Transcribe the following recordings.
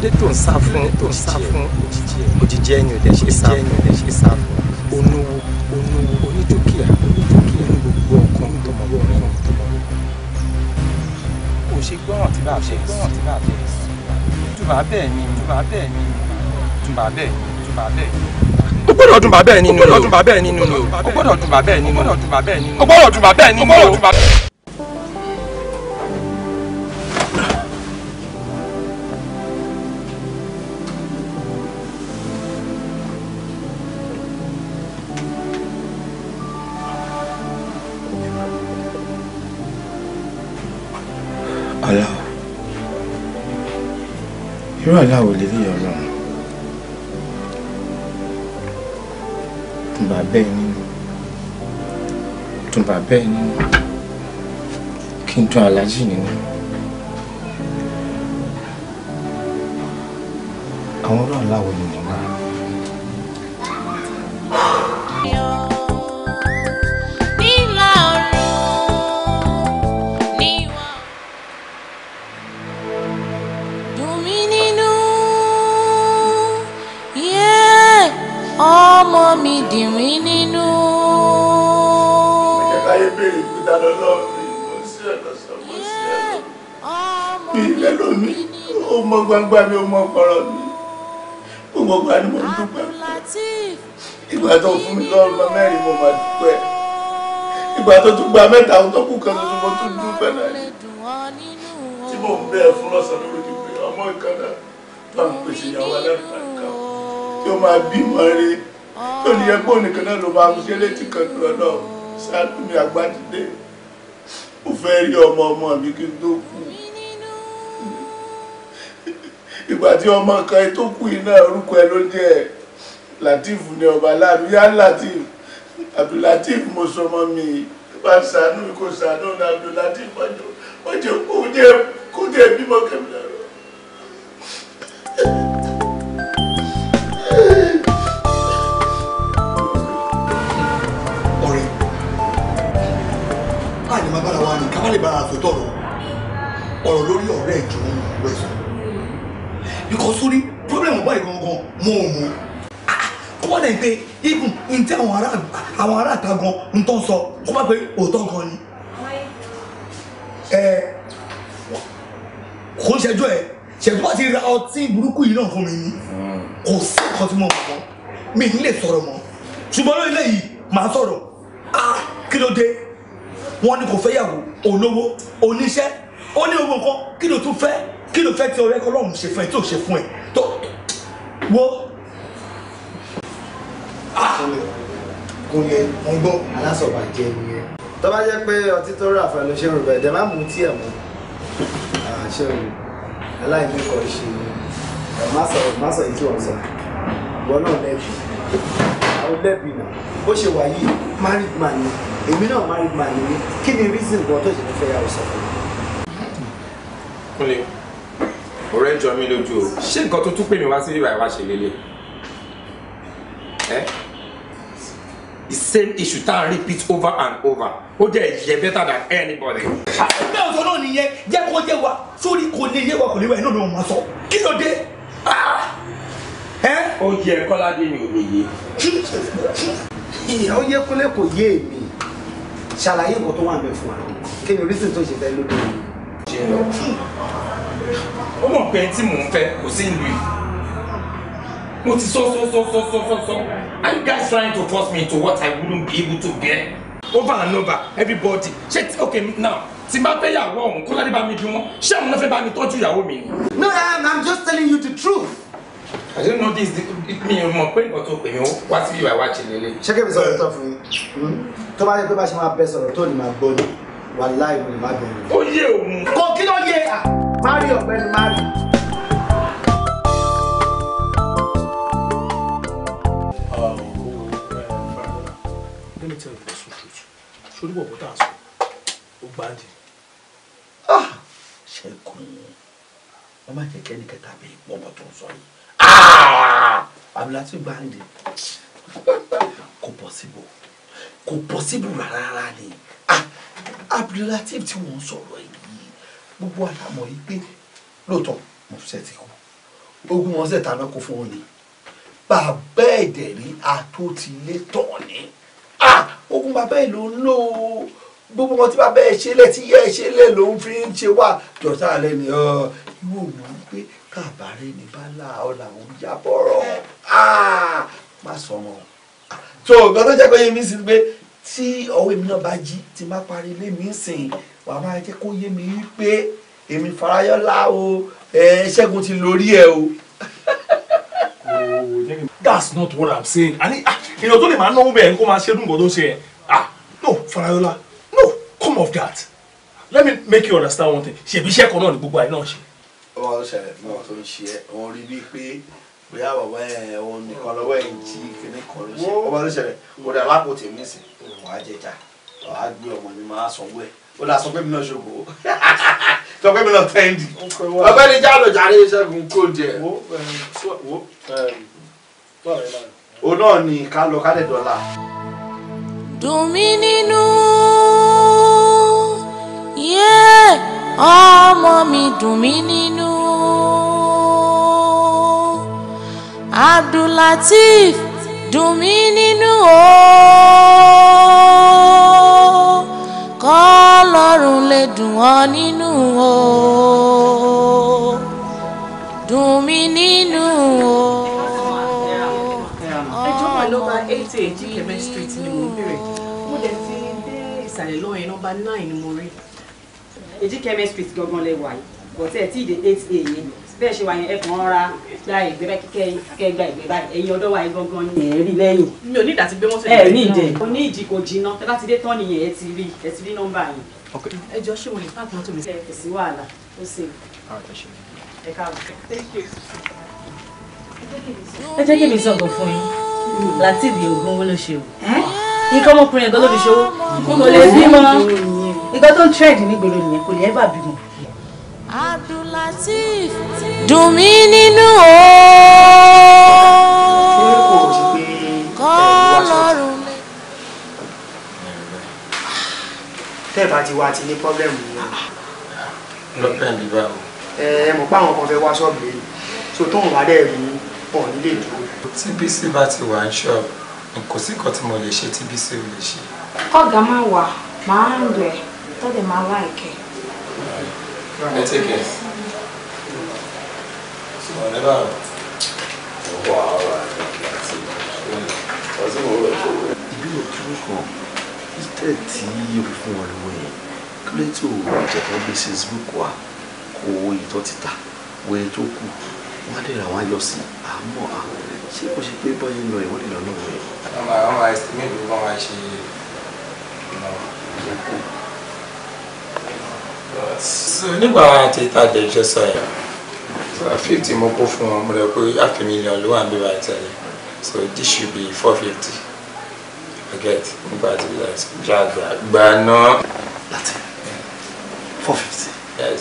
dé tó ń sá fún tó ń sá fún òjijì ẹ̀yìn òdẹ ṣe sá fún òdẹ ṣe sá fún onówó onówó onídùkìá onídùkìá ní gbogbo ọkàn nítorí ọ̀rẹ́ wọn tó kò ṣe gbọ́ràn tí bá ṣe gbọ́ràn tí bá ṣe tùbà bẹ́ẹ̀ ni tùbà bẹ́ẹ̀ ni tùbà bẹ́ẹ̀ ni tùbà bẹ́ẹ̀ ni o gbọ́dọ̀ dùn bàbá ẹ nínú o o gbọ́dọ̀ dùn bàbá ẹ nínú o o gbọ́dọ̀ dùn bàbá ẹ o o gbọ́dọ̀ dùn bàbá ẹ o. bẹ́ẹ̀ ni kí n dún aláàjì nínú àwọn ọlọ́run láwo ni mo máa. ọmọ mi dìrín nínú béèrè ìgbìta lọ́lọ́run mi mo sí ọ̀nà sọ mo sí ọ̀nà mi ilé lómi ó mọ gbangba mi ó mọ kọ̀rọ̀ mi gbogbo ọgbà mo ń dúpẹ́ ìgbà tó fún mi lọ́rùn bá mẹ́rin mo máa dúpẹ́ ìgbà tó tún gba mẹ́ta àwọn kù kan tó mo tún dúpẹ́ náà tí mò ń bẹ́ẹ̀ fún lọ́sàn-án lórí pé ọmọ ìkànnà bá ń pèsè ìyàwó alárùbáríkà tí ó máa bímọ rí tó ní ẹgbẹ́ òní kan náà ló máa ń ṣe létí kan lọ́dọ̀ Sálúmi Àgbájídé mo fẹ́ rí ọmọ ọmọ mi kí n tó kú ìgbà tí ọmọ kan tó kú iná orúkọ ẹ ló jẹ Latif ní ọba láàmú yá Latif Abdulatif mo sọmọ mi bá ṣàánú kò ṣàánú Abdulatif mọjọ mọjọ kó jẹ bímọ kẹmílẹ. lè bá a sòtọ̀ rọ ọ̀rọ̀ lórí ọ̀rẹ́ ìjọ ń wẹ̀ sọ because sórí problem ọba ìgbọ̀n gan mọ́ ò mọ́ ah, kó wọ́n dẹ̀ pé even n tẹ́ àwọn ará àwọn ará àta gan ń tán sọ kó má pé òótọ́ gan ni ẹ eh, kò ń ṣẹjọ́ ẹ ṣẹjọ́ bá ti ra ọtí burúkú yìí náà fún mi ni kò sí nǹkan tí mo mọ̀ mọ́ mi ní lè sọ̀rọ̀ mọ́ ṣùgbọ́n lórí ilé màá sọ̀rọ̀ ah kí ló dé wọ́n ní kò fẹ́ yàwó olówó oníṣẹ́ ó ní owó nǹkan kí ló tún fẹ́ kí ló fẹ́ tí ọ̀rẹ́ Ọlọ́run ṣe fún ẹ tí ò ṣe fún ẹ tó wo. Ah! kúnlẹ̀ ń gbọ́ alásọ̀bàjẹ́ ni ẹ. tó bá jẹ́ pé ọtí tó rà fẹ́ ló ṣe ń rò bẹ́ẹ̀ jẹ́ má mú tí ẹ̀ mú àṣẹ òru aláìníkọ̀ ṣe má sọ má sọ èyí tí wọ́n sọ ìwọ náà lẹ́bi àwọn lẹ́bi náà bó ṣe wà yìí married man ni èmi náà married man ni kí ni reason kan tó ṣe ní fẹ́yàwó sọ fún mi. kúnlẹ̀ ọ̀rẹ́ jọ mí lójú o ṣé nǹkan tó tún pè mí wá the same issue tá a repeat over and over Oh, jẹ́ ìyẹ́ better than anybody. àbẹ̀ ọ̀sán náà nìyẹn jẹ́ kó jẹ́ wa sórí kò lè yé wa kò lè wá iná ló ń wá sọ kí ló dé ó jẹ kọ́ládé mi ò lè yé. ó yẹ kúnlẹ̀ kò yé mi ṣàlàyé nǹkan tó wà ń bẹ fún wa kí ni reason tó ṣe fẹ́ lóde òní. ó mọ̀ pé tí mò ń fẹ́ kò sí ìlú yìí mo ti sọ sọ sọ sọ sọ sọ are you guys trying to force me into what I wouldn't be able to get? over and over everybody ṣe okay now tí n bá fẹ́ yàwó ọ̀hún kó ládé bá mi bí wọn ṣé àwọn náà fẹ́ bá mi tọ́jú ìyàwó mi. no I I'm just telling you the truth. I don't know this It means you're pé nǹkan tó pè mí wá sí ìwà wá ṣe lélẹ̀. ṣé kébì sọ̀rọ̀ tó fún yín hmm? tó bá yẹ pé bá ṣe máa bẹ sọ̀rọ̀ tó ní máa gbọ́ ni wà láì mo lè má bẹ̀rẹ̀. ó yé òun. kò kí ló yẹ mari ọ̀gbẹ́ni mari. let me tell you the truth sórí bọ̀bọ̀ tá a sọ ó gbáǹdì. Ah! ṣẹ́gun ọmọ kẹ̀kẹ́ ní kẹta bíi pọ́nbọ̀ tó ń sọ yìí. I'm not ah! Abilatu Gbande kò possible kò possible rárá ni ah! Abdulateef tí wọ́n sọ̀rọ̀ yìí gbogbo àlámọ̀ yìí pé lóòótọ́ Mufset ti kú ogún wọn sẹ̀ta náà kó fún wọn ni bàbá ẹ̀dẹ̀ rí atótilé tọ̀ ni ah! ogún bàbá ẹ̀ ló ń lò ó gbogbo wọn tí bá bẹ́ẹ̀ ṣe lẹ̀ tí yẹ́ ṣe lẹ̀ ló ń fi ń ṣe wà jọ̀tá alẹ́ ni ìwọ mọ̀ pé kábàárẹ̀ ní bálá ọ̀là òun yá bọ̀rọ̀ má sọ ọmọ o. tó o gbọ́dọ̀ jẹ́ pé yé mi sí pé tí ọwọ́ èmi náà bá jí ti má parí ilé mi sìn wà á máa jẹ́ kó yé mi pé èmi farayọ́lá o ṣẹ́gun ti lórí ẹ o. that's not what i'm saying. àní ah, èèyàn tó lè máa náwó bẹ́ẹ̀ kó máa ṣe é dùn gbọ́dọ̀ ṣe ẹ̀ ah no farayọ́lá of that let me make you understand one thing ṣèbí iṣẹ́ kan náà ni gbogbo àyè náà ṣe. ọmọ tó ṣẹlẹ̀ bí wọn tó ń ṣe ẹ wọn rí bíi pé bóyá bàbá ẹ òun nìkan lọ́wọ́ ẹ̀ ń jí kíní kan ló ṣe ọmọ tó ṣẹlẹ̀ mo dà lápò tèmi sí wàá jẹjà wàá gbé ọmọ mi máa sanwó ẹ ó dà sọ pé mi náà ṣògo sọ pé mi náà tẹ́ndì ọgbẹ́ni jálò jàre ṣẹ́gun kò jẹ. Um, o um, náà ni ká lọ ká lè dọ́là. dùn mí nínú yé ọmọ mi dùn mí nínú Abdulateef dùn mí nínú o kọ́lọ́run lè dùn ọ́ nínú o dùn mí nínú o. ẹjọ́ wà ló bá eight eight kẹmẹ́sítírì mo ń bèrè mo dẹ̀ ti dé ìsàlẹ̀ lọ́yìn nọ́mbà nine Ejikeme street gangan lẹ wà yìí but ẹ tí ì dé eight a yẹn bẹ́ẹ̀ ṣe wà yẹn ẹ kàn ra gba ìgbẹ́ bá kíkẹ́ kíkẹ́ gba ìgbẹ́ báyìí ẹ̀yin ọ̀dọ́ wa yẹn gangan ni ẹ̀ rí lẹ́yìn. mi ò ní ìdá tí gbé mọ́tò yẹn. ẹ ní ìdẹ o ní ìdí kò jiná ẹ bá ti dé tán nìyẹn ẹ ti rí ẹ ti rí nọ́mbà yẹn. ẹ jọ ṣé mo lè pààkì mọ́tò mi. ẹ kò sí wàhálà ó ṣe. ẹ káàbọ̀. ẹ jẹ́ kí mi sọ̀gọ̀ fún yín látìbí ògún wó ló ṣe o nǹkan ọmọkùnrin ẹ̀gọ́ ló fi ṣòwò kò lè bímọ nǹkan tó ń trend nígboro nìyẹn kò lè ẹ́ bà bímọ. Abdulateef dùn mí nínú o. ṣé kò sí pé kọ́lọ́run lè. tẹ́ ẹ̀ bá ti wá ti ní pọ́blẹ́mù yẹn. lọ́pẹ́ mi bá o. ẹ ẹ mọ̀ pé àwọn kan fẹ́ wá ṣọ́ọ̀bù yìí so tóun wá dẹ̀ rí pọ̀ nílé dúró. tí bá ti wà ń ṣọ́ọ̀bù kò sí nǹkan tí mo lè ṣe tí ò lè ṣe. kọ́gà máa wà máa ń rẹ̀ tó dẹ̀ máa láìkẹ́. ẹ take care. so whenever wà á wà láti ọtí mo rẹ̀ tó rẹ̀. ìbí òtún kan títẹ̀ tí yóò fún wọn lówó yẹn kí ló tó ìjẹ̀fọ́ gbé facebook wa kó owó ìtọ́ títà wọ ẹ tó kù wọn á lè nígbà tí ìtajà ìṣe sọ yẹn fifty mo kó fún wọn mo rẹ pé half a million ló wà níbà ìtẹ̀lẹ̀ so this should be four fifty i get nígbà tí ìjà àgbà gbà náà. láti four fifty. yes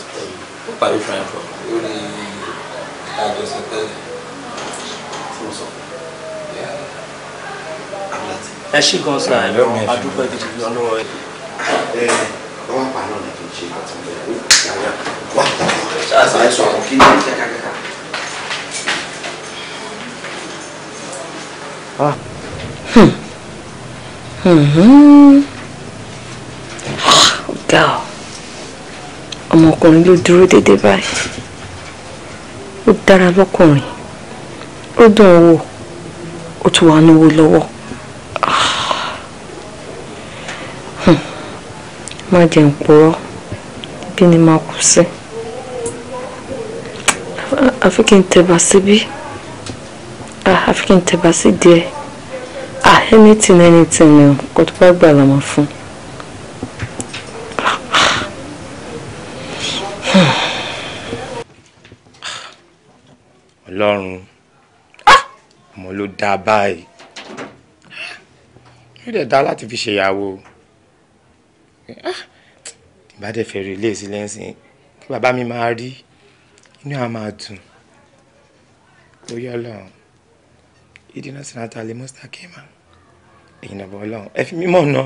What are you trying for? lórí àjọṣe tẹ́lẹ̀ tí mo sọ ẹ ṣe gan sa ẹ lọ adúpẹ́ gidi lọ́wọ́ ẹ ẹ wọn pa náà ṣe nǹkan tí mo yàwó yàwó wà ṣáàṣà ẹ sọ àwọn kí ní kíákíákíá. Ah. Hmm. Hmm. Ah, ọ̀gá ọ̀ ọmọkùnrin ló dúró déédéé báyìí ó dára lọ́kùnrin ó dùn owó ó tún wà náwó lọ́wọ́. Ah. Hmm. má jẹun purọ́ kí ni màá kú sí àfi kí n tẹ̀bà síbí àfi kí n tẹ̀bà sí díẹ̀ anything anything ni kò tó bá gbà la máa fún. ọlọ́run ah! mo ló dáa báyìí yóò dẹ̀ dáa láti fi ṣèyàwó bá dẹ̀ fẹ́ relé sílẹ̀ sí kí bàbá mi máa rí inú àwọn máa dùn ó yọ lọ́run ìdí náà sinata lè mọ́sítà kéèmà èyí náà bọ́ lọ́run ẹ fi mí mọ̀ náà.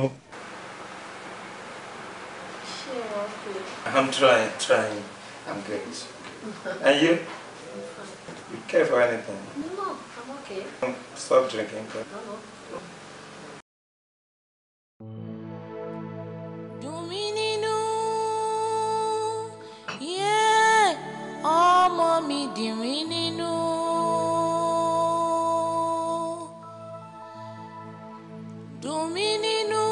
I'm trying, trying. I'm good. And you? You care for anything? No, no, I'm okay. Stop drinking. No, no. ọmọ mi dìrín nínú. dùn mí nínú.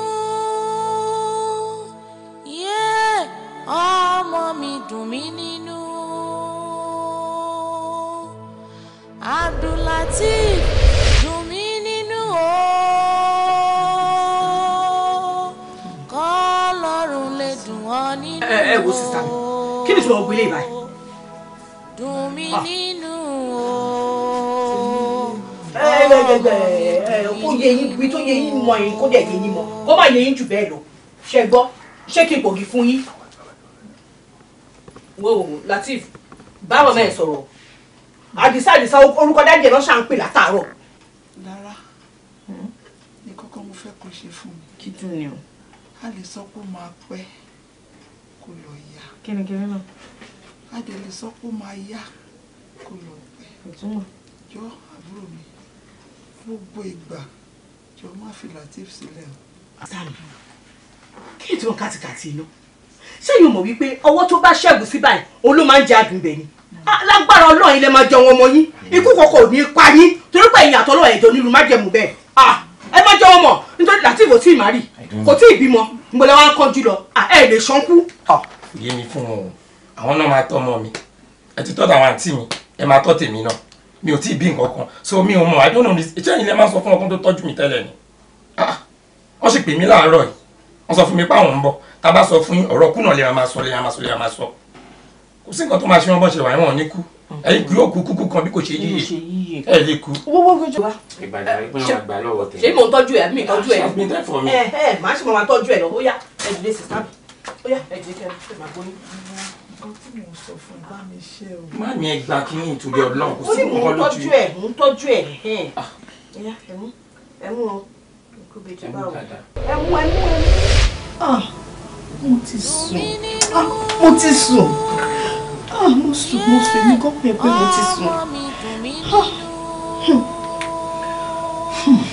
yé ọmọ mi dùn mí nínú. Abdulateef dùn mí nínú o. kọ́ lọ́rùn lè dùn ọ́ nínú o. ẹ ẹ wo sísá kí ni tí wọ́n báyìí dùn mí ah. nínú o. ẹ ẹ ẹ ẹ kó yẹ yín bí tó yẹ yín mọ yín kó dẹ̀ yẹ yín mọ kó má yẹ yín jù bẹ́ẹ̀ lọ ṣe gbọ́ ṣé kí n pògì fún yín. wo Latif báwo mẹ́ẹ̀ sọ̀rọ̀ àdìsá àdìsá orúkọ dájẹ́ náà ṣà ń pè látàárọ̀. lára ní kọ́kọ́ mo fẹ́ kó ṣe fún mi. kí tún ni o. a lè sọ pé ó máa pẹ́ kó lọ yá. kí ni kí ni náà a dẹ̀ lè sọ pé máa yá kó lọ pẹ́ jọ àbúrò mi gbogbo ìgbà jọ má fi latif sílẹ̀ o. sami kí ni tí wọn kàtìkàtì iná ṣé yóò mọ̀ wípé ọwọ́ tó bá ṣẹ́gun sí báyìí òun ló máa ń jẹ àdùnbẹ̀ ni ah, lágbára ọlọ́run ilẹ̀ máa jẹ wọn ọmọ yín ikú kọ̀ọ̀kan ò ní í pa yín torí pé ẹ̀yìn àtọ́lọ́ ẹ̀jọ̀ nílùú má jẹ̀mú bẹ́ẹ̀ ah, ẹ má jẹ́ wọn mọ̀ nítorí latif ò tí ì má rí kò tí ì bímọ ń bọ́lá wa ń kánjú lọ ah, ẹ lè ṣánkú. yé mi fún wọn o àwọn náà máa tọ́ ọmọ mi ẹ ti tọ́jú àwọn àǹtí mi ẹ máa tọ́ tèmi náà mi ò tí ì bí nǹkan kan so mi ò mọ̀ I don't know this ìṣẹ́yìn lẹ́ máa sọ fún ọkùn tó tọ́jú mi tẹ́lẹ̀ ni ah, wọ́n sì pè mí láàárọ̀ yìí wọ́n sọ fún mi páwọn ń bọ̀ tá a bá sọ fún ọ̀rọ̀ kùnà lè máa sọ lè máa sọ lè máa sọ kò sí nǹkan tó máa ṣe wọ́n bọ́ ṣe wà wọ́n ní kú ẹ̀yin yóò kú kúkú kan bí kò ṣe yíyè ẹ̀ lè kú. ṣé mo ń tọ́jú ẹ̀ mi tọ́jú ẹ̀ ẹ̀ máa ṣe mo máa tọ́jú ẹ̀ lọ bóyá ẹ̀ má ní ẹ kí ní ìtúbẹ Ọlọ́run kò sí nǹkan lójú. ó ní tọ́jú ẹ̀ mò ń tọ́jú ẹ̀ mo ti sùn mo ti sùn mo sùn mo sùn èmi pé mo ti sùn. Ah, hmm. Hmm.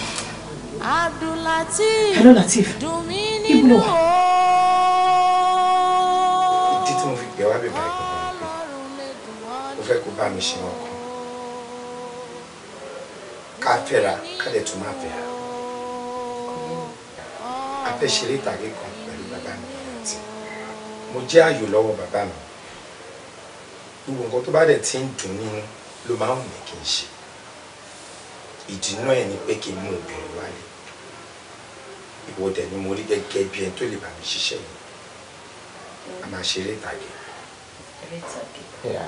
hello Latif ibo ló wà. bá mi ṣe wọn kan ká fẹ́ra ká lè tún máa fẹ́ra a fẹ́ ṣeré ìtàgé kan pẹ̀lú bàbá mi àti mo jẹ́ ààyò lọ́wọ́ bàbá mi gbogbo nǹkan tó bá dẹ̀ ti ń dùn nínú ló máa ń wù mí kí n ṣe ìdùnnú ẹ̀ ni pé kí n mú obìnrin wálé ìwọ dẹ̀ ni mo rí gẹ́gẹ́ bí ẹni tó lè bá mi ṣiṣẹ́ yìí a máa ṣeré ìtàgé. ìtàgé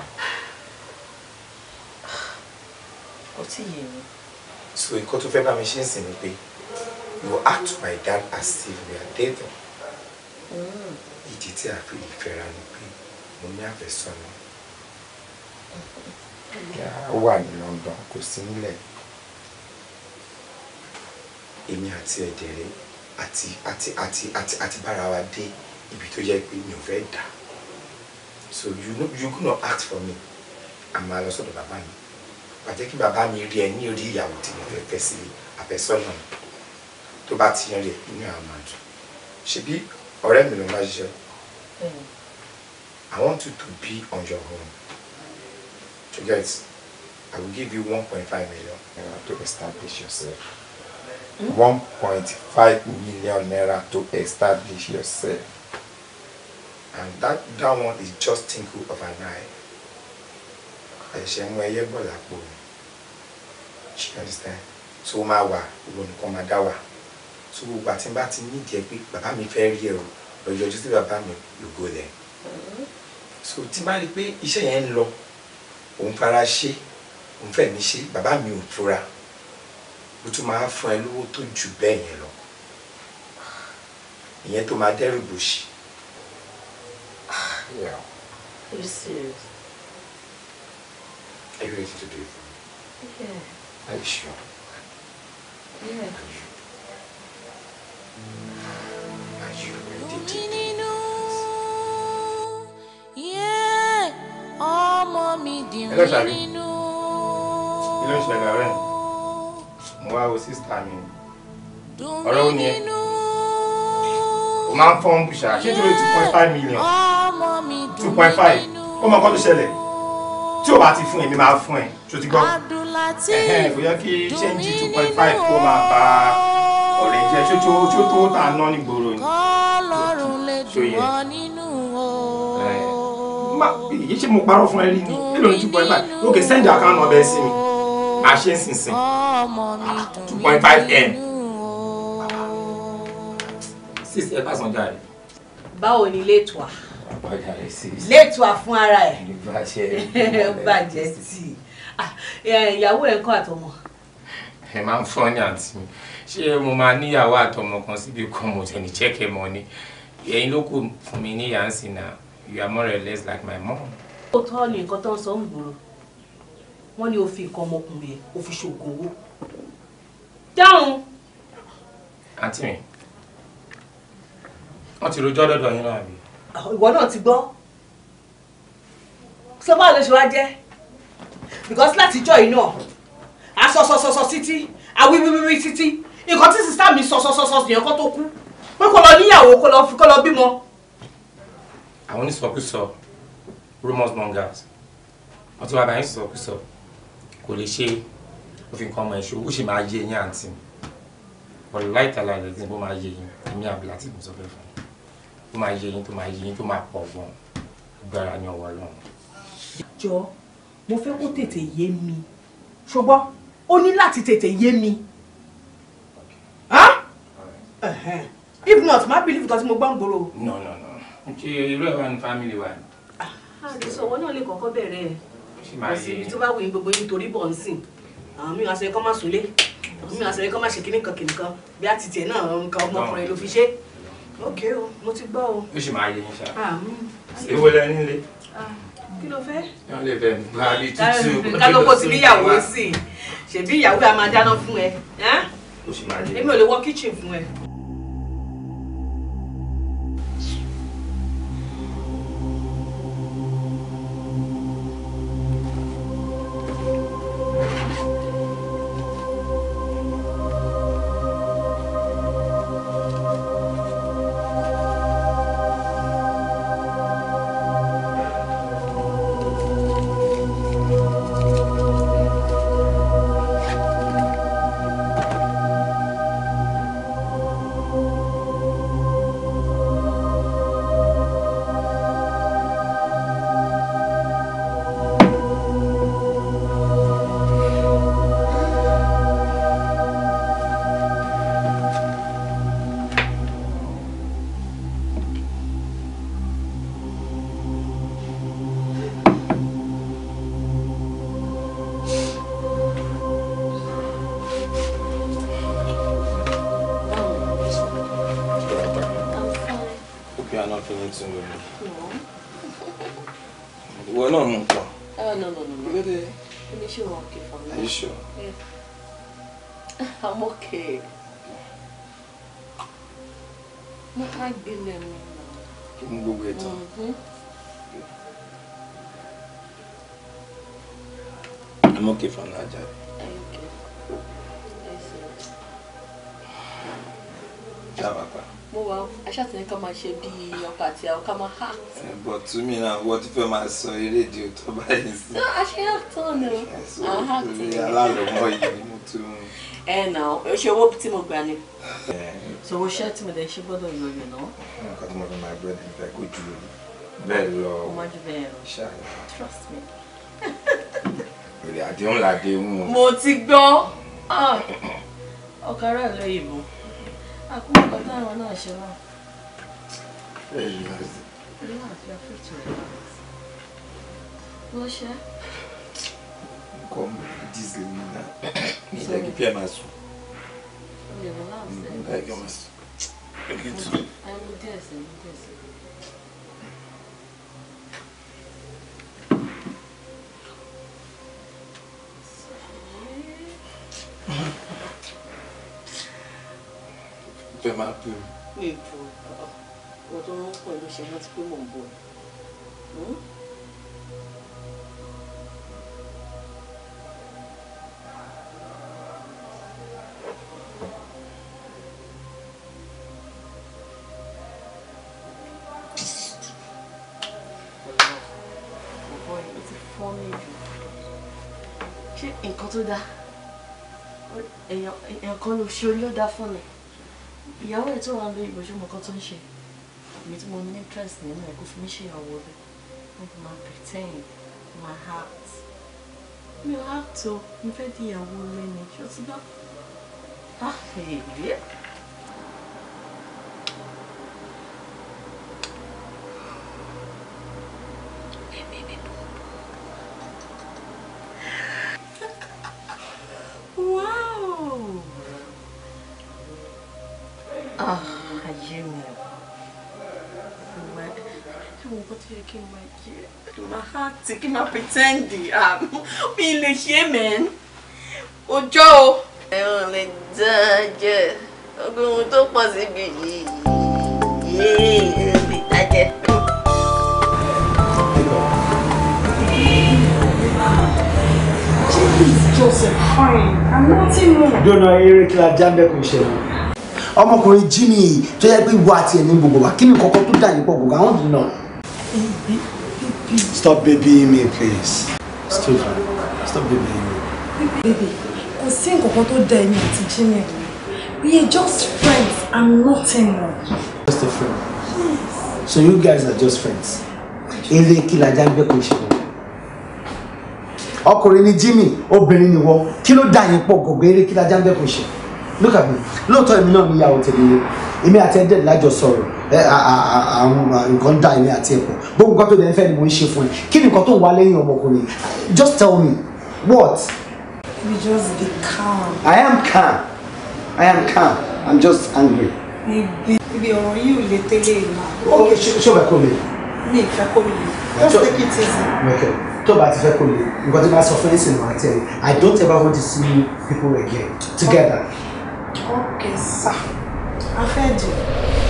so you tó fẹ́ bá mi ṣe ń you act my dad as if we are dating. Mm. ìdí tí a fi ìfẹ́ra ni pé mo ní àfẹ́sọ́nà ó wà ní London kò sí nílẹ̀ èmi àti ẹ̀dẹ̀rẹ̀ àti àti àti àti àti bára wa dé ibi tó jẹ́ pé mi so you know, you gonna act for me I'm a lọ sọ́dọ̀ bàbá mi pàtẹ́ kí bàbá mi rí ẹ ní orí ìyàwó tí mo fẹ́ fẹ́ sí àfẹ́sọ́nà tó bá ti rìn inú àwọn máa ṣebí ọ̀rẹ́ mi ló máa ṣiṣẹ́ I want you to be on your own to get I will give you one point five million naira to establish yourself hmm? one point five million naira to establish yourself and that that one is just tinkle of an eye ẹ̀ṣẹ̀ mú ẹyẹ bọ̀ lápò mi she understand so ó máa wà ìwọ nìkan máa dá wà so gbogbo àti bá ti nídìí ẹ pé bàbá mi fẹ́ rí ẹ o lọ yọjú sí bàbá mi yòókù rẹ so tí bá rí i pé iṣẹ́ yẹn ń lọ òun fara ṣe òun fẹ́ mi ṣe bàbá mi ò fura ó tún máa fún ẹ lówó tó jù bẹ́ẹ̀ yẹn lọ ìyẹn tó máa dẹ́rù bòṣì. Ah, you serious? Are you to do for me. Yeah. Are you sure? Yeah. Are you, are you ready to do it? ọmọ mi dì mí nínú. ilé ìṣẹ̀lẹ̀ rẹ̀ mo wá wo sísítà mi ọ̀rọ̀ òní ẹ̀ o máa ń fọ́n bùṣà ṣé tí o lè two point five million two point five ó mọ kọ́ tó ṣẹlẹ̀ tí o bá ti fún èmi máa fún ẹ tó ti gbọ́ kò yẹ kí ṣéǹjì two point five kó máa bá ọ̀rẹ́ jẹ́ ṣó tó ṣó tó tà ná nígboro ni ṣó yẹ èyí ṣe mo parọ́ fún ẹ rí ni èlò ní two point five ok send your account number sí mi máa ṣe é sínsìn two point five m six ẹ bá sàn jáde. báwo ni ilé ètò à léètò àfún ara ẹ̀ bàjẹ́ tì ah, eh, ìyàwó ẹ̀ ń kọ́ àtọmọ. ẹ máa ń fọ́ ní àǹtí mi ṣé mo máa níyàwó àtọmọ kan síbi kan mo tẹ̀ ní jẹ́kẹ̀ mọ́ ni ẹ̀yin ló kù fún mi ní yànsì náà you are more or less like my mom. ó tọ́ ni nǹkan tó ń sọ ń gbòòrò wọ́n ní o fi nǹkan ọmọkùnrin ẹ̀ o fi ṣoògùn owó. dáhùn. àǹtí mi wọ́n ti rojọ́ dọ́dọ̀ yín náà bí ìwọ náà ti gbọ́ sọ báwo ló ṣe wá jẹ́ because látijọ́ yìí náà a títí a títí nǹkan tí sísá mi sọ sọ sọ tó kú pé kó lọ níyàwó kó lọ bímọ. àwọn onísọkúsọ rumors mongers wọn ti wá báyìí sọkúsọ kò lè ṣe òfin kan ọmọ ìṣòwò ó sì máa yé yín àǹtí mi wọ́n láìtàlá rẹ̀ tí máa yé yín èmi àbílà tí mo sọ fẹ́ fún un tó máa yẹ yín tó máa yẹ yín tó máa pọ̀ gan agbára ní ọwọ́ ọlọ́run. jọ mo fẹ́ kó tètè yé mi ṣùgbọ́n ó ní láti tètè yé mi. if not má believe nǹkan tí mo gbọ́ ń gbòòrò. no no no ṣe irú ẹ̀ wá ní family wa. Ah, àdìsọ owó náà lè kọ́kọ́ bẹ̀rẹ̀ ẹ̀ kò sí ibi tó bá wù yín gbogbo yín torí bọ̀ ń sìn àwọn míràn aṣọ ẹ̀kọ́ má sùn lé àwọn míràn aṣọ ẹ̀kọ́ má ṣe kíníkan kíníkan bí a ti tiẹ̀ náà nǹkan ọmọkùnrin ló fi ṣe ok o mo ti gbọ́ o. Ah, ó sì máa yé yín sá. èwo lẹ nílé. kí ló fẹ́. wọ́n lè bẹ̀ gba bí tútù. kálọ́pọ̀ sí níyàwó sí ṣèbí ìyàwó a máa dáná fún ẹ. ó sì máa yé. èmi ò lè wọ kíchìn fún ẹ. ìwọ náà mú nǹkan. Oh, no no no no. Really? Let me show you okay for me. Are you sure? Yeah. I'm okay. Mo ká gbélé mi. Kí ni gbogbo ẹ̀ tán? Mm-hmm. I'm okay for now, Jare. Thank you. Thank you mo wà aṣáàtìní ká máa ṣe bíi ọkọ àti àwọn ká máa há. ẹ̀bọ̀ tú mi náà wọ́n ti fẹ́ máa sọ eré di òótọ́ báyìí sí. a ṣe àtọ̀ ni o àwọn há ti. alálòmọ́ yìí ni mo tún. ẹ nà ó ṣe owó tí mo gbà ni. so owó ṣẹ́ tí mo dẹ̀ ṣe gbọ́dọ̀ yọ yọ náà. nǹkan tí mo fi máa gbẹ́dẹ̀ fẹ́ kó ju bẹ́ẹ̀ lọ. ó máa ju bẹ́ẹ̀ lọ trust me. èrè àdéhùn làdéhùn. mo ti gbọ́ ah, ọ̀kadà lóyìnbó àkúrò kan táwọn náà ṣe wá. Relax, you are free to relax. Russia? Come, this is Lina. It's like a piano. Okay, relax. Like a mass. I'm guessing, I'm guessing. Mm-hmm bẹ́ẹ̀ máa pè mí. mi ò jù ọ tó ń pọ̀ ló ṣe rántí pé mò ń bọ̀ hmm? ṣé nǹkan tó dáa ẹ̀yàn kan ló ṣe olódàá ìyàwó ẹ̀ tó wà ń lo ìbò ṣé mo kọ́ tó ń ṣe èmi tí mo ní interest nínú ẹ̀ kó fi mí ṣe ìyàwó rẹ̀ mo fi máa pretend my heart. mi ò act o mo fẹ́ di ìyàwó rẹ̀ ni ṣó ti gbọ́. ah èyí. tí kí n máa pretend um, mi lè ṣe mẹ́n ọjọ́ o. ẹ̀rùn lè dán jẹ ogún ohun tó pọ̀ síbi yìí yéé lè dájẹ́. Joseph fine and nothing more. Dọ́nà eré kí la jábẹ́ kò ṣẹlẹ̀ ọmọkùnrin Jimmy tó yẹ pé ìwà àti ẹ̀mí gbogbo wa kí ni kọ̀ọ̀kan tó dà yín pọ̀ gbogbo àwọn dùn náà. Stop babying me, please. Stop. Stop babying me. Baby, kò sí nǹkan tó dá ẹ̀yin àti Jimmy. We are just friends and nothing more. Just a friend. Yes. So you guys are just friends. Eré kí lajá ń gbé kò ṣe wọn. Ọkùnrin ni Jimmy, obìnrin ni wọ́n. Kí ló dá yín pọ̀ gọ̀gọ̀ eré kí lajá ń gbé kò ṣe? Look at me. Lóòótọ́ èmi náà níyàwó tèmi yẹn èmi àti ẹ̀dẹ̀ lájọ sọ̀rọ̀ àwọn nǹkan dá èmi àti ẹ̀pọ̀ gbogbo nǹkan tó dẹ̀ ń fẹ́ ni mo ń ṣe fún ẹ kí ni nǹkan tó ń wá lẹ́yìn ọmọkùnrin just tell me what. you just dey calm. I am calm I am calm I'm just angry. ibi ibi ọ̀rọ̀ yìí ò lè tẹ́lẹ̀ ìlà. ok ṣé o fẹ́ kó mi. mi fẹ́ kó mi just take it easy. okay tó bá ti fẹ́ kó le nǹkan tí bá sọ fún ìsìn máa tẹ̀lé I don't ever want to see people again together. okay, okay sir. A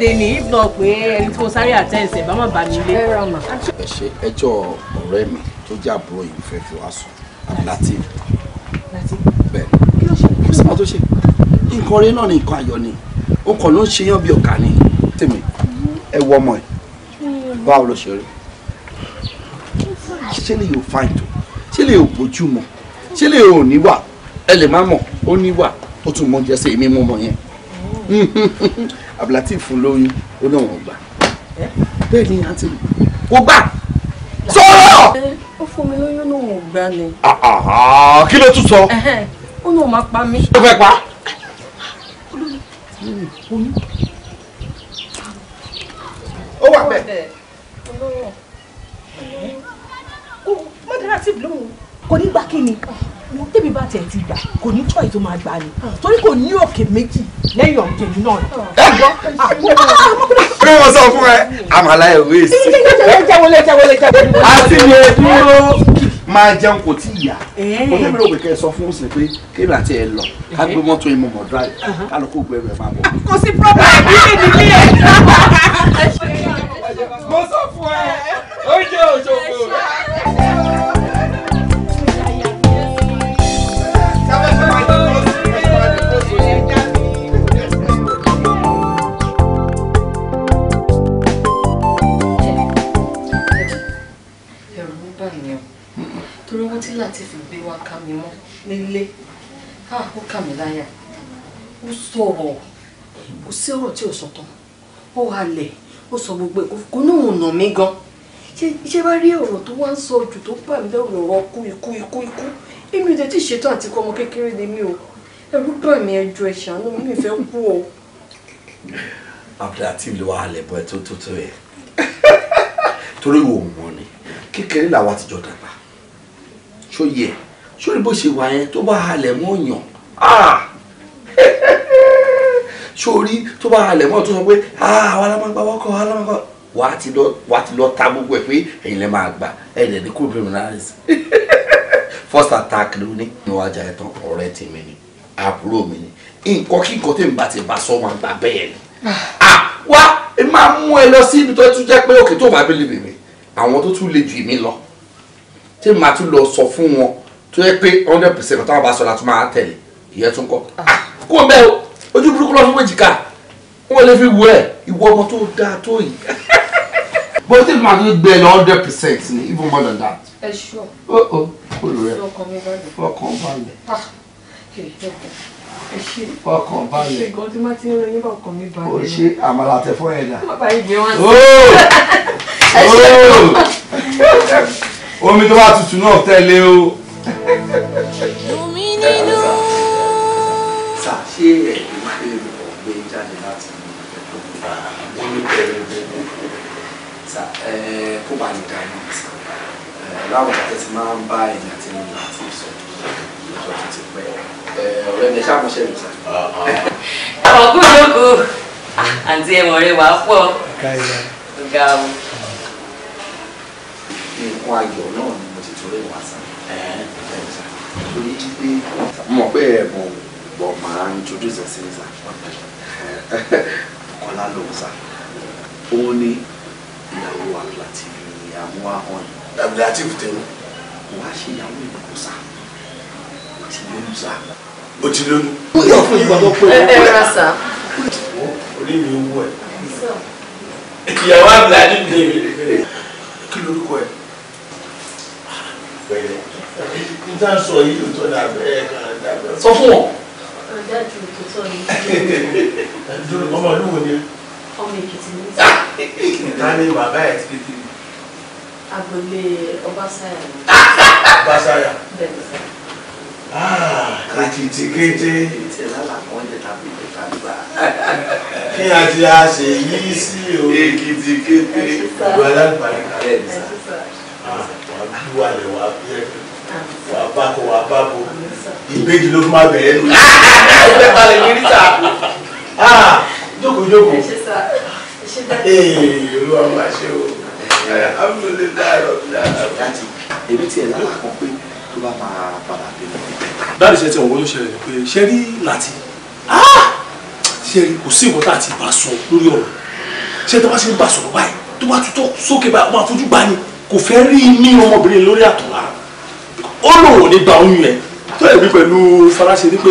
birthday ni if not pé ẹni tí sáré àtẹ́ǹsì ẹ̀ bá má bà mí lé. ẹ ṣe ẹjọ́ ọ̀rẹ́ mi tó jẹ́ àbúrò yìí fẹ́ fi wá sùn àbúlátì bẹ́ẹ̀ kí ló tó ṣe nǹkan orí náà ni nǹkan ayọ̀ ni ó kàn ló ń ṣe yán bí ọ̀kà ni tèmi ẹ wọ ọmọ ẹ báwo ló ṣe rí ṣé lè yóò fáìn tó ṣé lè yóò bójú mọ ṣé lè yóò níwà ẹ lè má mọ ó níwà ó tún mọ jẹ sí èmi mú mọ yẹn. Abdulateef fún lóyún ó náà wọ́n gbà bẹ́ẹ̀ ni àǹtí mi kò gbà sọ̀rọ̀. ó fún mi lóyún náà wọ́n gbà ni. kí ló tún sọ. ó náà máa pa mí. ó fẹ́ pa. ó wà bẹ́ẹ̀. Abdulateef lóhùn kò ní gbà kí ni tèmi bá tẹ̀ ti gbà kò ní choice tó máa gbà ni torí kò ní òkè méjì lẹ́yìn ọ̀gbìn náà. bí ah, mo sọ ẹ àmàlà ìwé sí. àti mi ò dúró máa jẹun kò tí ì onímọ̀ òwe kẹ́ ẹ sọ fún òsè pé kébì àti ẹ lọ ká gbé mọ́tò yìí mọ̀ dráì uh-huh. ká lọ kó gbé ẹ máa bọ̀. kò sí problem yìí ni mí ẹ. mo sọ fún ẹ oúnjẹ òṣogbo. wá ká mi mọ́ nílé ó kà mí láyà ó sọ̀rọ̀ kò sí ọ̀rọ̀ tí ò sọ tán ó halẹ̀ ó sọ gbogbo èkó kò ní òun nà mí gan ṣé bá rí ọ̀rọ̀ tó wá ń sọ jù tó bà mí lẹ́rù ọ̀rọ̀ kú ikú ikú ikú èmi ò dẹ̀ tí ì ṣètò àti kọ́ ọmọ kékeré ni mí o ẹ̀rù bà mí ẹjọ́ ẹ̀ ṣàánú mi ìfẹ́ kú o. abdulateef ló wà halẹ̀ bọ́ ẹ tó tó tó yẹ torí wo mọ̀ ni kékeré làwọn àtijọ́ dàgbà ṣó yẹ sórí bó ṣe wà yẹn tó bá halẹ̀ mọ́ yàn ah! sórí tó bá halẹ̀ mọ́ tó sọ pé ah, àwa la máa gba wọ́kọ̀ àwa la máa gba wà á ti lọ ta gbogbo ẹ̀ pé ẹ̀yin lẹ máa gbà ẹ̀yin lẹ ní kúrò criminals first attack ló ní. ní wájà ẹ̀ tán ọ̀rẹ́ tèmi ni àbúrò mi ni nǹkan kí nǹkan tèmi bá ti bá sọ wọn gbà bẹ́ẹ̀ ni ah. wá máa mú ẹ lọ sí ibi tó tún jẹ́ pé òkè tó bá bẹ́ẹ̀ lè bèbè àwọn tó tún le jù mí lọ tèmi máa tún lọ sọ fún wọn tó yẹ pé hundred percent ọ̀tá bàbá sọ̀rọ̀ àti máa tẹ̀lé ìyẹn tún kọ́ ah. ah, kó o bẹ́ẹ̀ o ojú burúkú lọ́ọ́ fún méjìká wọ́n lè fi wú ẹ̀ ìwọ ọmọ tó dáa tó yìí. bó o ti máa tó gbẹ ní hundred percent ni even more than that. ẹ ṣọ o o kò lò rẹ fọkàn balẹ̀. fọkàn balẹ̀. Ah, ṣùgbọ́n tí má ti ń rẹ yín bá ọkàn mi balẹ̀. o ṣe àmàlà tẹ fún ẹ̀dá. bàbá yìí gbé wọn. Oh! Oh! omi tó bá tutù náà tẹ̀lé o. Dùnmí nínú. Sà ṣé ẹ̀dùn pé mo gbé jáde láti mú ah. ní pẹ̀lẹ́pẹ̀lẹ́. Sà kó bá lè dáná sà. Láwọn ìgbà tẹ́tí máa ń bá ẹ̀yìn àti ẹ̀yìn àti ìsọ̀ lọ́jọ́ tó ti pẹ́. Ọ̀rẹ́ mi ṣàmúṣẹ́ mi sà. Ẹ̀wọ̀n ah, ah. kú lóko. Àǹtí ẹ̀wọ̀n rẹ̀ wá pọ̀. Ga o. Nǹkan ayọ̀ náà ni mo ti torí wá sàn pé mo pé ẹ̀bùn bọ̀ máa introduce ẹ̀sìn sà kọ́lá ló ń sà òun ni ìyàwó abdulatif ìyàwó ahọ́n abdulatif tẹ̀wọ́ wọ́n á ṣe ìyàwó ìbùkún sà ó ti lóyún sà ó ti lóyún. ó yọ fún ìgbàgbọ́ pé ẹ ẹ ra sà. orí mi wú ẹ ìyàwó abdulatif tẹ̀wọ́ kí lorúkọ ẹ tá a sọ yìí lóòótọ́ dàbẹ́ ẹ̀ kàn dàbẹ́. sọ fún wọn. ọ̀dájú òtútọ́ ni. ọmọ ìlú wo ni ẹ. ọmọ èkìtì ní. ìta ni bàbá ẹ̀ ti fi. agbolé ọbaṣáyà. ọbaṣáyà. bẹ́ẹ̀ni sá. èkìtì ah, kété. èkìtì lálàpọ̀ oúnjẹ tàbí ìjẹta gbà. kí a ti a ṣe yí sí o. èkìtì kété. ìwà alágbàlẹ̀ kan. bẹ́ẹ̀ni sá. àwọn àdúrà lè wá bí ẹ wàá bá kọ wàá bá bo ìbejì ló fún ma bẹ̀rẹ̀ nù. ẹgbẹ́ ah, ah, ah, balẹ̀ kiri ta jókòó jókòó. ẹ ṣe sá ẹ ṣe dá. ee eh, olúwa máa ṣe o eh. alhamdulilayi láti èmi tiẹ̀ lára kan pé tó bá máa padà dé. dáàdì ṣe ti ọ̀wọ́ ló ṣẹlẹ̀ pé ṣe rí láti ṣe rí kò sí nǹkan tá a ti bá sọ lórí ọ̀rọ̀ ṣe tó bá ṣe ń bá sọ̀rọ̀ báyìí tó bá tutọ́ sókè báyìí ó máa fojú gbani kò fẹ́ rí ní ọmọbìnrin lórí àtọ̀lára ó lòun ò ní gba oyún yẹn tó ẹ̀rí pẹ̀lú faransé ni pé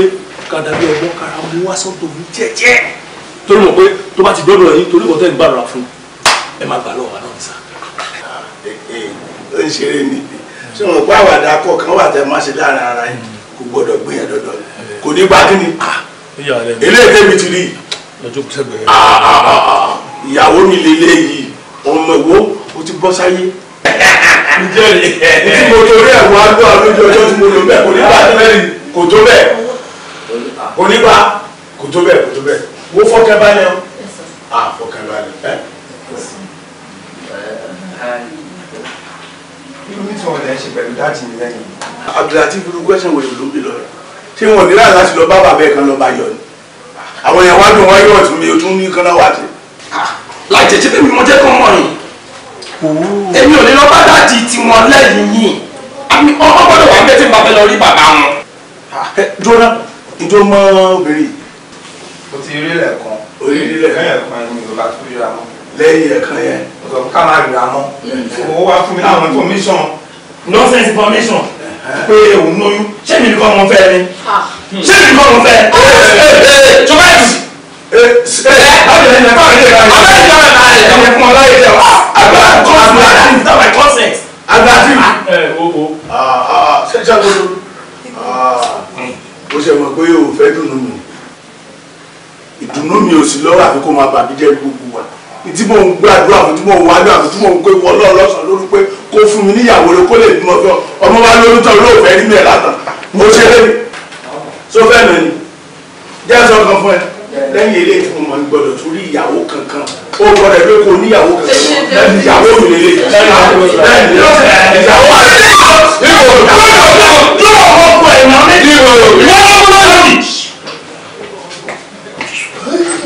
kàdàbí ọgbọ́n kára mú wá sọ́tò mi jẹ́jẹ́ torí mọ̀ pé tó bá ti dọ́dọ̀ yín torí ọ̀tẹ́ ń gbàdúrà fún ẹ má gbà lọ́wọ́ náà nìsa. ó ń ṣeré ni ṣé wọn pé àwàdà akọ kan wà tẹ máa ṣe láàrin ara yín kò gbọdọ̀ gbìyàn dọ́dọ̀ kò ní gbá kíni eléyìí tẹ́bi ti rí ah, ah, ah, ìyàwó mi lélẹ́yìí ọmọ ìwó ó ti bọ́ sáyé. níjẹ́ rẹ̀ tí mo torí ẹ̀ wá lọ́wọ́ lójú ọjọ́ tí mo lò bẹ́ẹ̀ kò nígbà mẹ́rin kò tó bẹ́ẹ̀ kò nígbà kò tó bẹ́ẹ̀ kò tó bẹ́ẹ̀ wo fọ́kẹ́ balẹ̀ o ah fọ́kẹ́ balẹ̀ ẹ́. irú mi tí wo ìlú mi lọ rẹ̀ tí wọn ní láti lọ bá bàbá ẹ̀ kan lọ bá yọ ni àwọn èèyàn wá dùn wọ́n yọ̀ tún mi o tún ní kan náà wá dé. Ah, láì tètè tèmi mo jẹ́ kó mọ̀ yìí èmi ò ní lọ bá dáàdi tiwọn lẹ́yìn yìí àmì ọkọ gbọ́dọ̀ wà bẹ́ẹ̀ tí n bá fẹ́ lọ rí bàbá wọn. jọra ìjọ mọ obìnrin. o ti rí lẹ́ẹ̀kan o rí lẹ́ẹ̀kan lẹ́yìn ẹ̀kan ni yorùbá tó yíra mọ́. lẹ́yìn ẹ̀kan yẹn. o sọ fún ká má ríra mọ́. owó wá fún mi láwọn information nonsense information pé òun lóyún ṣé mi nìkan mo fẹ́ ni ṣé mi nìkan mo fẹ́. jọba ẹ̀sìn ìdùnnú mi ò sí lọ́wọ́ àfi kó máa bàbí jẹ́ gbogbo wa tí mò ń gbàdúrà fún tí lẹ́yìn eléyìí tí mo mọ̀ gbọ́dọ̀ tún rí ìyàwó kankan ó gbọ́dọ̀ pé kò níyàwó kankan lẹ́yìn ìyàwó mi lélẹ̀ lẹ́yìn ìyàwó àti ìyàwó ìwò ìwò ìwò ìwò ìwò ìwò ìwò ìwò ìwò ìwò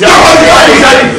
That was the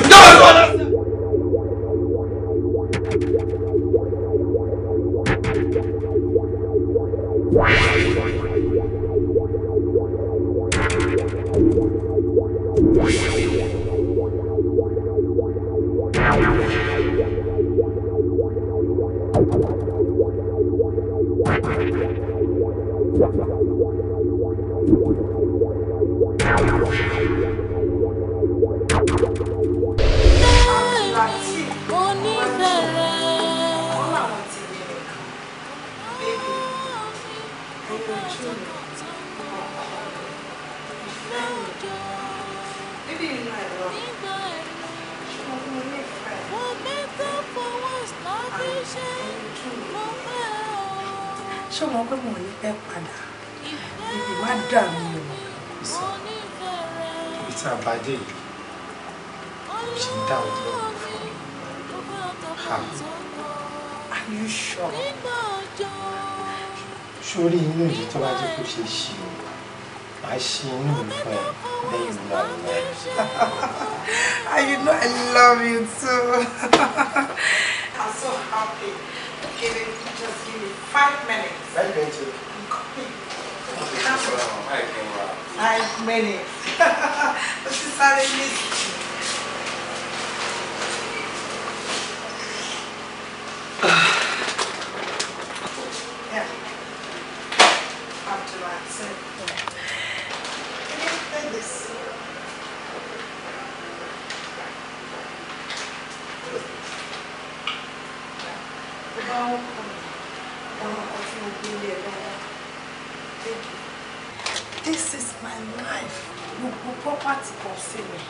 this is my life gbogbo property kan sí mi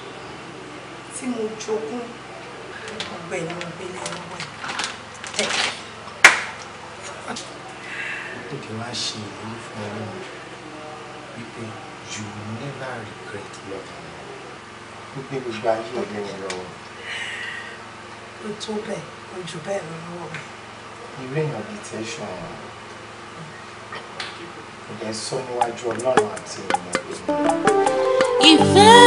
tí mo jogún gbogbo ẹ̀ ni mo ẹ̀ thank you. ó ti wá ṣe ìlérí fún ọ lóhùn wípé you never regret loving me gbogbo gbogbo ayé ò mi lọ́wọ́. ó tó bẹ́ẹ̀ ó jù bẹ́ẹ̀ lọ́wọ́ mi irú èèyàn bíi tẹ́ ṣùn sọ níwájú ọlọ́run àti ìmọ̀ ìgbìmọ̀. ìfẹ́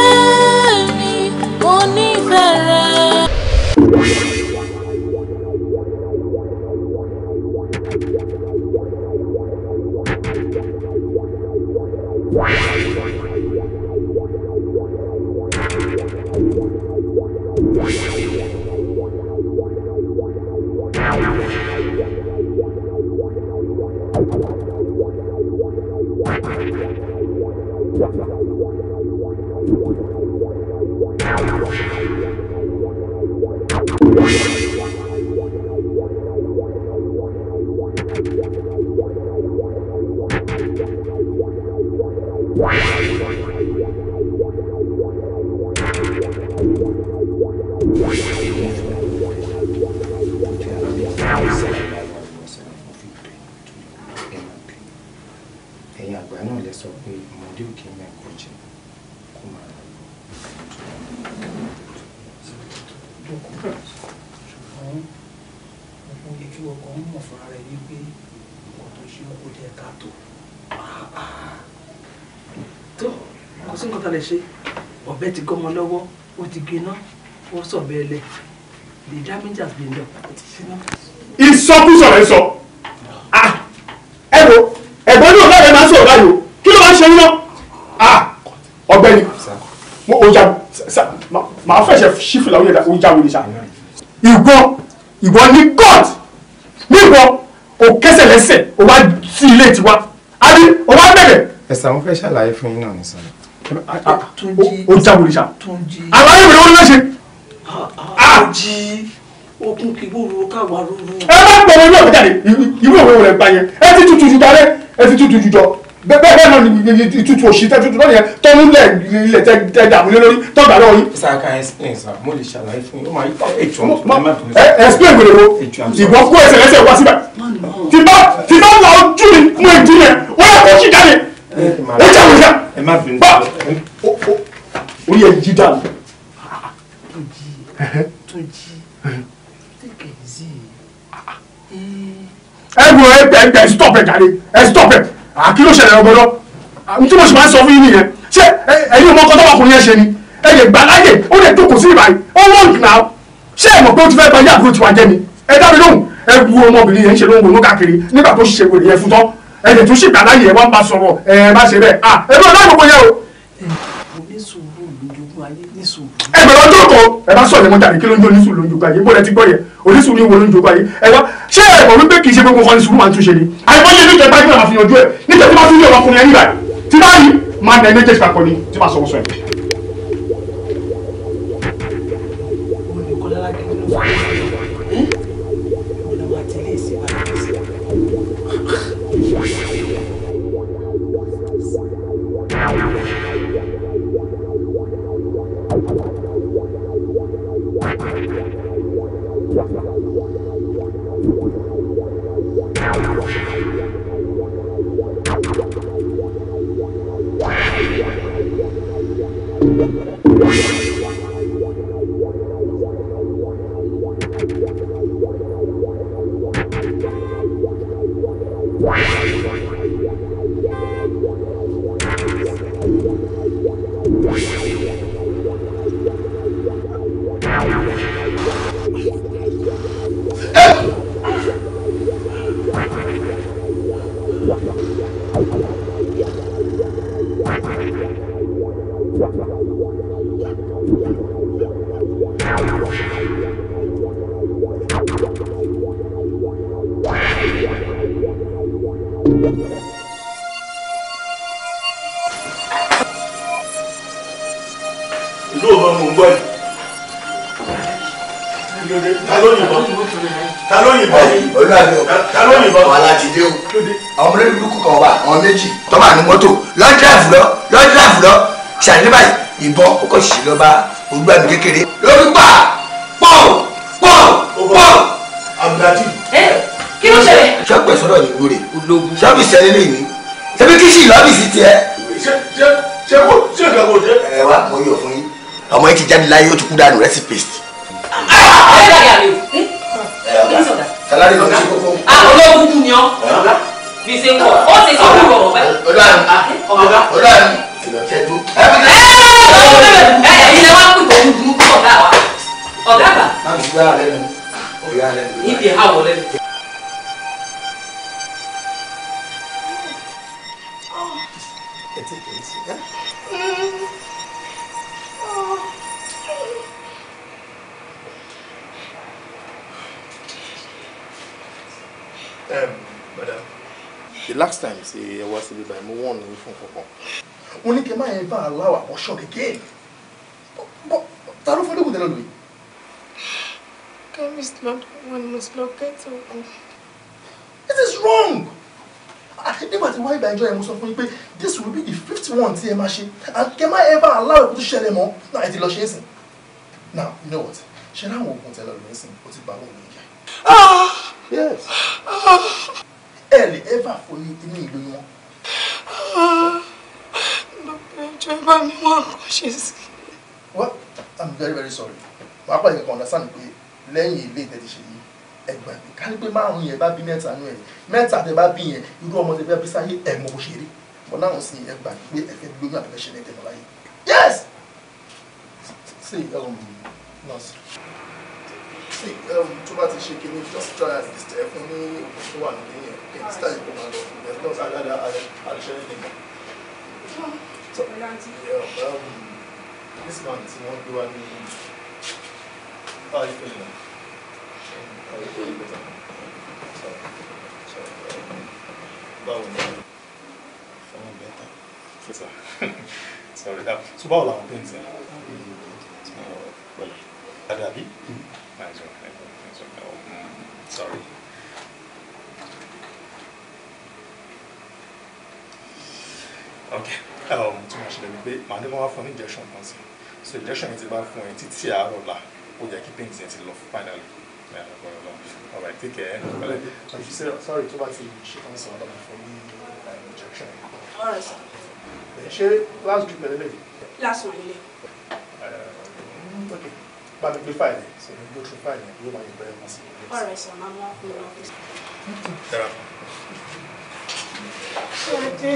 kò sí nǹkan tó lè ṣe ọ̀bẹ ti gọmọ lọ́wọ́ ó ti gbiná ó sọ̀bẹ ẹlẹ̀ the damage has been done. ìsọkúsọ rẹ sọ ah, ẹ wo ẹ̀gbọ́n ní ọgá máa sọ ọgá yìí o kí ló máa ṣe yín náà ah, ọ̀gbẹ́ni mo ò jà máa fẹsẹ̀ sífìlà ó yẹ kó jáwé ní sa ìgbọ ìgbọ ní god nígbọ o kẹsẹ̀ lẹ́sẹ̀ o wá sí ilé tiwa àbí o wá bẹ̀rẹ̀. ẹ̀sà mo fẹ́ ṣàlàyé fún yín náà ní Ah, ó jáwèrè sá àlàyé mi ló ń léṣe. Ah, ah, Túnjí okun kì í gbòòrò káwa rúru. ẹ bá gbọ̀rọ̀ ìwé ọ̀gbẹ́jáde ìwé òwe rẹ̀ gbà yẹn ẹ ti tutù jù dalẹ̀ ẹ ti tutù jù jọ bẹ́ẹ̀ bẹ́ẹ̀ náà ni ìtutù òsì tẹ́ tutù lọ́nìyẹn tọ́nu lẹ̀ ilẹ̀ tẹ́ dààmú lé lórí tọ́gbà lọ́wọ́ yín. sir can explain sir mo lè ṣàlàyé fún yín ó máa yí tọ́ ẹ̀jọ̀ mọ́ tó máa tó ní. explain wèrè wo ìwọ kó ẹsẹ̀ lẹ́sẹ̀ wá síbẹ̀ tí bá tí bá wà ojú mi mú o yẹn wọ́n yẹ kó ṣì jáde ẹ jẹ́ àwọn ìyá ẹ má bínú pa orí ẹ jí dànù. Túnjí Túnjí take it easy. ẹ gbọ́ ẹ pẹ́ pẹ́ stop ẹ jàre ẹ stop ẹ àkí ló ṣẹlẹ̀ ọgbọ́dọ́ n tí mo sì máa ń sọ fún yín nìyẹn ṣé ẹ̀yin ọmọ ọkọ tọ́wọ́kùnrin yẹn ṣe ni ẹ lè gbà láyè ó lè jókòó sí ìbàyí ó wọ́n nà ó ṣé ẹ mọ̀ pé ó ti fẹ́ gba yàgò tiwa jẹ́ ni ẹ dá mi lóhùn ẹ bu ọmọbìnrin yẹn ń ṣe lóhùn ònú káàkiri nígbà tó ṣe wèrè yẹn fún tán ẹni tó ṣìkà láyè ẹ wá máa sọ̀rọ̀ ẹ má ṣe bẹ́ẹ̀ à ẹ bí ọlọ́run gbogbo yẹ o. ẹ bẹ̀rẹ̀ ọjọ́ kan ẹ bá sọ̀rọ̀ ẹ̀mọ́ tàbí kí ló ń jẹ́ oníṣù ló ń jogún ayé bó lẹ ti gbọ́ yẹ oníṣù ni wo ló ń jogún ayé ẹ wá ṣé ẹ mọ̀ wípé kì í ṣe gbogbo kan ní sùúrù máa ń túnṣe ni. àìmọye ní ìjẹba yìí máa fi yanjú ẹ nígbà tí wọ́n tún ní ọmọkùnrin ẹ̀yìn báyìí tí báyìí máa na ẹ méjèèjì papọ̀ ni tí máa sọ̀rọ̀ sọ̀rọ̀. dànù rẹ́sì paste never ever allow our workshop again. But, but, ta ló fọ́dọ̀ kù tẹ́lẹ̀ lóyún. Chemist locked one must lock it open. It is wrong. Nígbà tí wáyé ìgbàjọ yẹn mo sọ fún yín pé this will be the fifty one tí ẹ máa ṣe and kẹ má ever allow ẹ̀kú tó ṣẹlẹ̀ mọ́ náà ẹ ti lọ ṣe é sìn. Now you know what? Ṣé láwọn oògùn tẹ́lẹ̀ lóyún sìn ó ti bá wọn lóyún jẹ́? Yes. Ah! Ẹ lè ever fún ní inú ìlú wọn. Ah! ẹjọ́ bá wọ́n ṣe sí. i'm very very sorry wàá pàdé kan understand pé lẹ́yìn ilé ìtẹ́tí ṣe yìí ẹgbàá mi ká ní pé márùn-ún yẹn bá bí mẹ́ta nú ẹ̀ mẹ́ta tẹ bá bí yẹn irú ọmọ tẹ bá bí sáyé ẹ̀ mọ̀ bó ṣe rí but now sí ẹgbàá pé ẹ̀fẹ́ bí lóyún àbẹ̀fẹ́ ṣe ní ẹ̀tẹ̀ mọ́ yes see um, nurse see um, tó bá ti ṣe kíní just try at least ẹ fún ní oògùn tó wà nílé yẹn kí n start ìkó máa So, um, this month, ti wọ́n gbé wá ní báyìí fẹ́lẹ̀ náà. Báwo ni? Fọ́n bẹ́tà. Fẹ́tà. Sọ̀rọ̀ dá. So báwo làwọn bẹ́ẹ̀ ń sẹ́yìn? Pẹ̀lú. Dàdàbí? Àìsàn ẹ̀kọ́ ẹ̀sọ́ ẹ̀kọ́. Sorry. Okay ohun tí mo ṣe lè ní pé màá ní kí wọ́n fún ní injection kan sí so injection yìí ti bá fún ẹ títí àárọ̀ la ó yẹ kí paint yẹn ti lọ finally all right take care sorry tó bá ti ṣe kàn sọ ọ̀dọ̀ fún ní injection yìí. ṣé last week pẹ̀lú lèyí. last week lè. Mm, ok bá mi gbé fáìlì so mi gbé tún fáìlì yóò máa yẹ bẹ́ẹ̀ mọ́ sí. ọ̀rẹ́ sọ máa mọ́ ọ́n Ṣadé.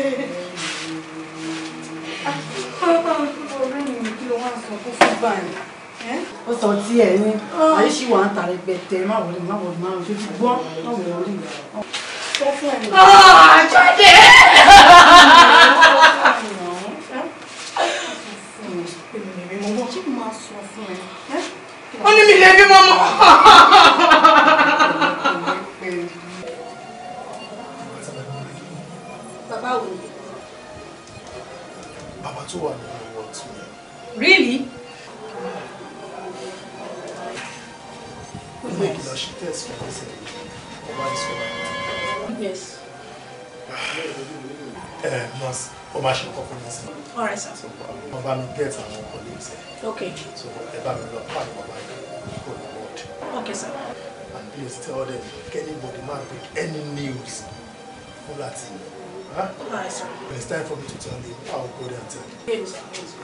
Ó sọ tí ẹ ní, àyè ṣì wà ń ta rẹpẹtẹ, má wọlé, má wọlé, má wọlé, gbọ́, má wọlé. Ah, sọ Ó ní mi lè bí mọ́mọ́. tó wà nínú ìwọ tí mi. Really? Goodness. ìkìlọ̀ ṣe test fún ẹsẹ̀ ọba Yes. Ẹ nọ́ọ̀sì, ó sir. Okay. Okay, sir. And please tell them, anybody might break any news fún láti yẹn. Huh? Alright, sir. it's time for me to tell him, I'll go there and tell him. Yes, yes.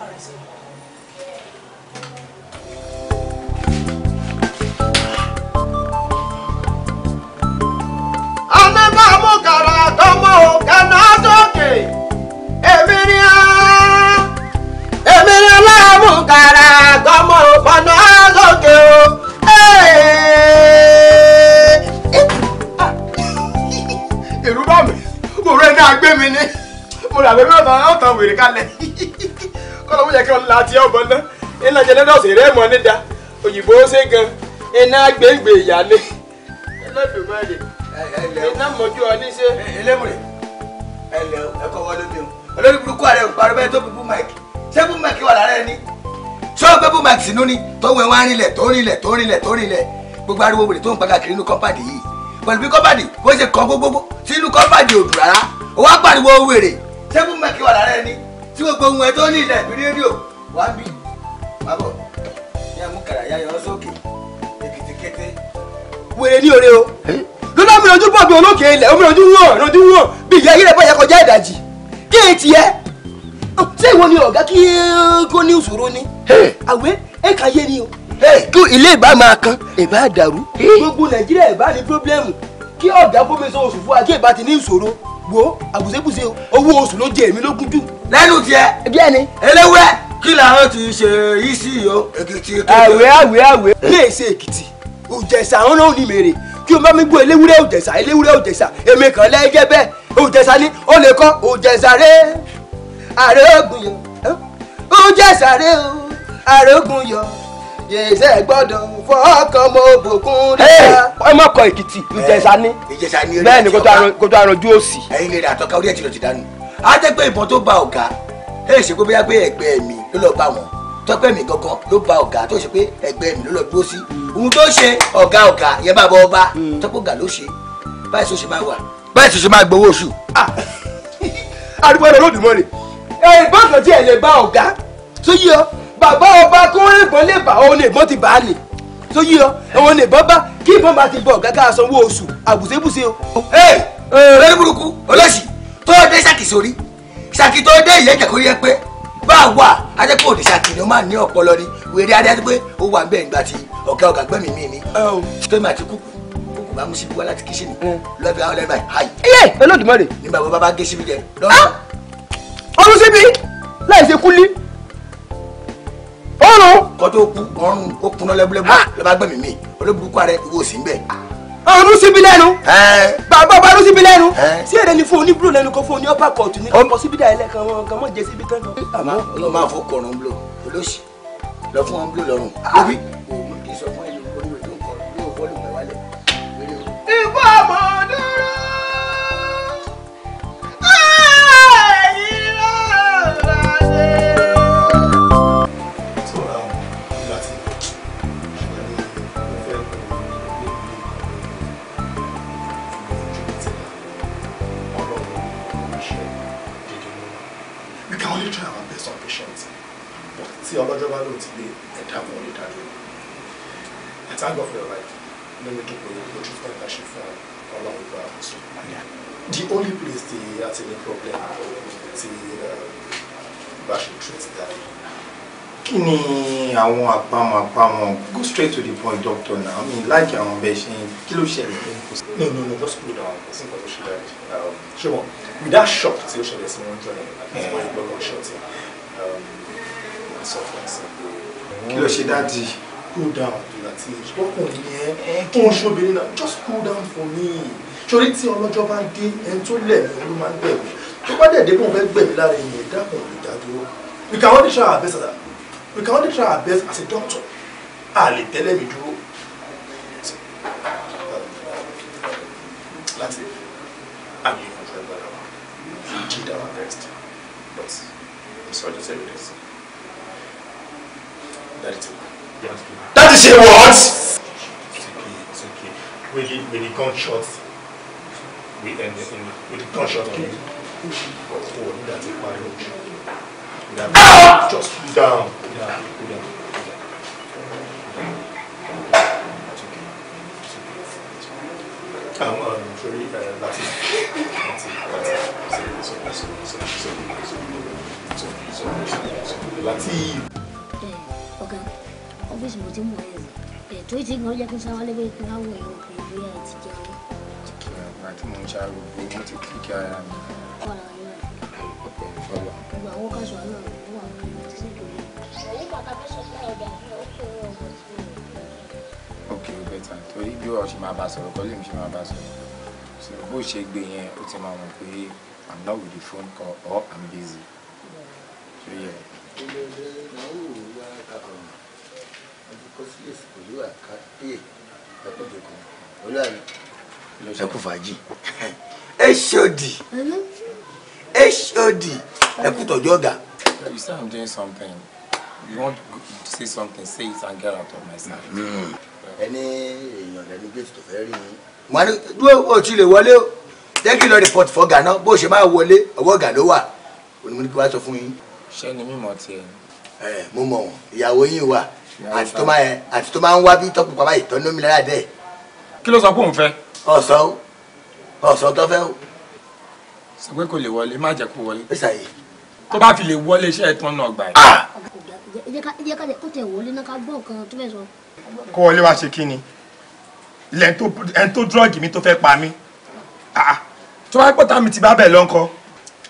Alright, sir. wèrè kalẹ̀ kọ́lọ́ mọ̀ yẹ kí wọ́n la tiẹ̀ ọ̀bọ̀n náà iná jẹnẹdọ̀sì rẹ̀ mọ̀ nídà òyìnbó ṣe gan iná gbégbé ìyálé ẹlẹ́dùnmáyè iná mọ̀jú ọ níṣẹ́. ẹlẹ́mùrẹ̀ ẹlẹ́ ẹ̀kọ́ wọlé mi o olórí burúkú ààrẹ òpàrọ̀ bẹ́ẹ̀ tó bu bú máìkì ṣé bú máìkì wà lára ẹni ṣé o gbé bú máìkì sínú ni tó ń wẹ̀ wá rinlẹ̀ tó rinlẹ̀ tó rinlẹ̀ tó rinlẹ̀ gbogbo ariwo wèrè tó ń paga kiri inú kọ́mpáàdì yìí pẹ̀lú bí kọ́mpáàdì bó ṣe kàn gbogbogbò sínú kọ́mpáàdì òdù rárá o wá pariwo wèrè tẹ́bù mẹ́kì wà lára ẹni tí gbogbo ohun ẹ tó ní ilẹ̀ ìbí rédíò wá bì má bọ̀ ní àmúkàrà yá yọ sókè èkìtìkété wèrè ní òre o lọ́dọ̀ mi ojú bọ̀ bí olókè ilẹ̀ omi ojú wọ̀n ojú wọ̀n bí ìyá yẹrẹ bá yẹ kọjá ìdajì kí èyí tiẹ̀ ṣé ìwọ ni ọ̀gá kí kó ní ìṣòro ni àwẹ̀ ẹ̀ kà yé ni o kí ilé ìbá máa kan ìbá dàrú. gbogbo nàìjíríà ìbá ní pírọ́blẹ́mù kí ọ̀gá gómìnà oṣù fún wa kí ìbá ti ní ìṣòro wo àbùsẹ̀bùsẹ̀ owó oṣù ló jẹ èmi lógún jù. lẹ́nu tiẹ̀. bí ẹni. eléwé kí làwọn ti ṣe yìí sí o. èkìtì tó jẹ. àwẹ̀ àwẹ̀ àwẹ̀. ilé ìṣe èkìtì òjẹ̀sà àwọn náà ní mèrè kí o bá mi gbọ́ eléwúrẹ́ òjẹ̀sà eléwúrẹ́ òjẹ̀sà èmi kàn lẹ́jẹ́ bẹ́ẹ̀ òjẹ̀sà ni ó lè kọ́ òjẹ̀sà rẹ̀ àrògùn yọ òjẹ̀sà rẹ̀ àrògùn yọ jẹsẹ gbọ́dọ̀ fọkàn mọ òbòkun dídá. ẹ má kọ èkìtì ìjẹsà ni bẹ́ẹ̀ ni kótó arànjú òsì. ẹyin lè rà àtọkà orí ẹ ti lọ ti dànù á jẹ pé ìbọn tó bá ọ̀gá ẹ ṣe pé bóyá pé ẹgbẹ́ mi ló lọ bá wọn tọpẹ mi gangan ló bá ọ̀gá tó ṣe pé ẹgbẹ́ mi ló lọ dúró sí ohun tó ṣe ọ̀gá ọ̀gá yẹn bá bọ ọba hmm. tọpọ ọ̀gá ló ṣe báyìí tó ṣe máa wà. báyìí tó ṣe máa gbowó oṣù. àdúgbò ẹ̀rọ ló dùn mọ́ ni. ẹ̀ bá ọ̀gá tí ẹ̀ lè bá ọ̀gá tó yí ọ bàbá ọba kí wọ́n yìnbọn lè bá òun nìbọn ti bá a nì tó yí ọ òun nìbọn bá kí ìbọn bá ti bọ̀ gàgà sanwó oṣù àbùsébùsé o. lórí burúkú olóṣì tó dé sàkì sórí sàkì tó dé ìyẹn jẹ̀kórí ẹ pé bá a wà á jẹ́ pé òde sàkì ni ó máa ní ọpọlọ ni wèrè adé adé pé ó wà bẹ́ẹ̀ nígbà tí ọ̀gá ọ̀gá gbẹ́mí mi ni tómi àti kúkú kúkú bá mú síbi wá láti kíṣìnì lọ́bẹ̀ àwọn ọrùn. kọjọ kú ọrùn ó kuná lẹbúlẹbú ah. lọba gbẹmí mi olóbùkún ààrẹ ìwọ sí ń bẹ. ọrùn síbi lẹ́nu. bàbá bá rún síbi lẹ́nu. sí èrè ni fún un ní blu lẹ́nu kan fún un ní upper court ní ọmọ síbi dà ẹlẹ kan kan mọ jẹ síbi tán. àmọ́ ló máa fọ kọrùn blu olóṣì lọ fún wọn blu lọ́rùn. àbí ah. òun kì í sọ fún ẹyọ olúwe tó ń kọ lóò fọlùmọ wálé. stand up for your right lórí tó pé o tún fẹ́ ká ṣe fún ọlọ́run gba àkóso. the only place ti a ti ní problem ti uh, bá ṣe treat that. kí ni àwọn àpamọ́ àpamọ́ go straight to the point doctor na I mean like àwọn bẹ́ẹ̀ ṣe kí ló ṣẹlẹ̀ no no no just cool down kò sí nǹkan tó ṣe dáadé with that shock tí ó ṣẹlẹ̀ sí wọn jọ ni àti ìwọ̀n ìgbọ́kàn ṣọ̀tì suffering sí. kí ló ṣe dáadé cool down Lateef lọ́kùnrin yẹn tó ń ṣobìnrin náà just cool down for me torí tí ọlọ́jọ́ bá dé ẹni tó lẹ̀mí ló máa ń gbẹ̀mí tó bá dẹ̀ dé bóun fẹ́ gbẹ̀mí lára ẹ̀yìn ẹ̀dá kan lè dádúró we can only try our best as a we can only try our best as a doctor a lè tẹ́lẹ̀ mi dúró láti àmì ìrìnàjò ẹgbẹ́ náà we did our best but I'm sorry to say say what? It's okay, it's okay. With the, with the gunshot, we end in, with the gunshot on you. Oh, that's a fire road. Ah! Just cool down. Cool down, cool down. Um, um, very uh, Latin. Latin, Latin. So, so, so, so, so, so, so, so, so, so, Latin kabisa okay better torí bí o ṣe máa bá sọ̀rọ̀ kọ́ lè mi ṣe máa bá sọ̀rọ̀ so bó ṣe gbé yẹn ó ti máa mọ̀ pé i'm not with the phone call or i'm busy so yeah kọ́sílẹ̀sì kò lè wà ká pé ẹkún jòkó olúwa mi ẹkún fàájì. hod hod ẹkún tọjú ọ̀gá. you say i'm doing something you want to say something say it and get out of my sight. Hmm. ẹni èèyàn lẹni gbèsè tó fẹ́ rí mi. wọn ní dúró o ti lè wọlé o jẹ́ kí n lọ report fọ́gà náà bó ṣe máa wọlé ọwọ́ ọ̀gá ló wà onímọ̀ ní kí wàá sọ fún yín. ṣé ni mímọ̀ tiẹ̀. ẹ mo mọ̀ ìyàwó yín wà àti tó máa yẹn àti tó máa ń wá bí tọkùn pàmò ìtọ́ ní omi lára dẹ̀. kí ló sọ pé òun fẹ́. ọ̀sán o ọ̀sán tó fẹ́ o. sọ pé kò lè wọlé má jẹ́ kó wọlé. ó ṣàyè. tó bá fi lè wọlé iṣẹ́ ẹ̀ tán náà gbà ẹ̀. kó wọlé wá ṣe kí ni ilẹ̀ ẹni tó dúrọ́ọ̀gì mi tó fẹ́ pa mí tó wáá pọ̀ tàmí ti bá bẹ̀ lọ́nkọ́.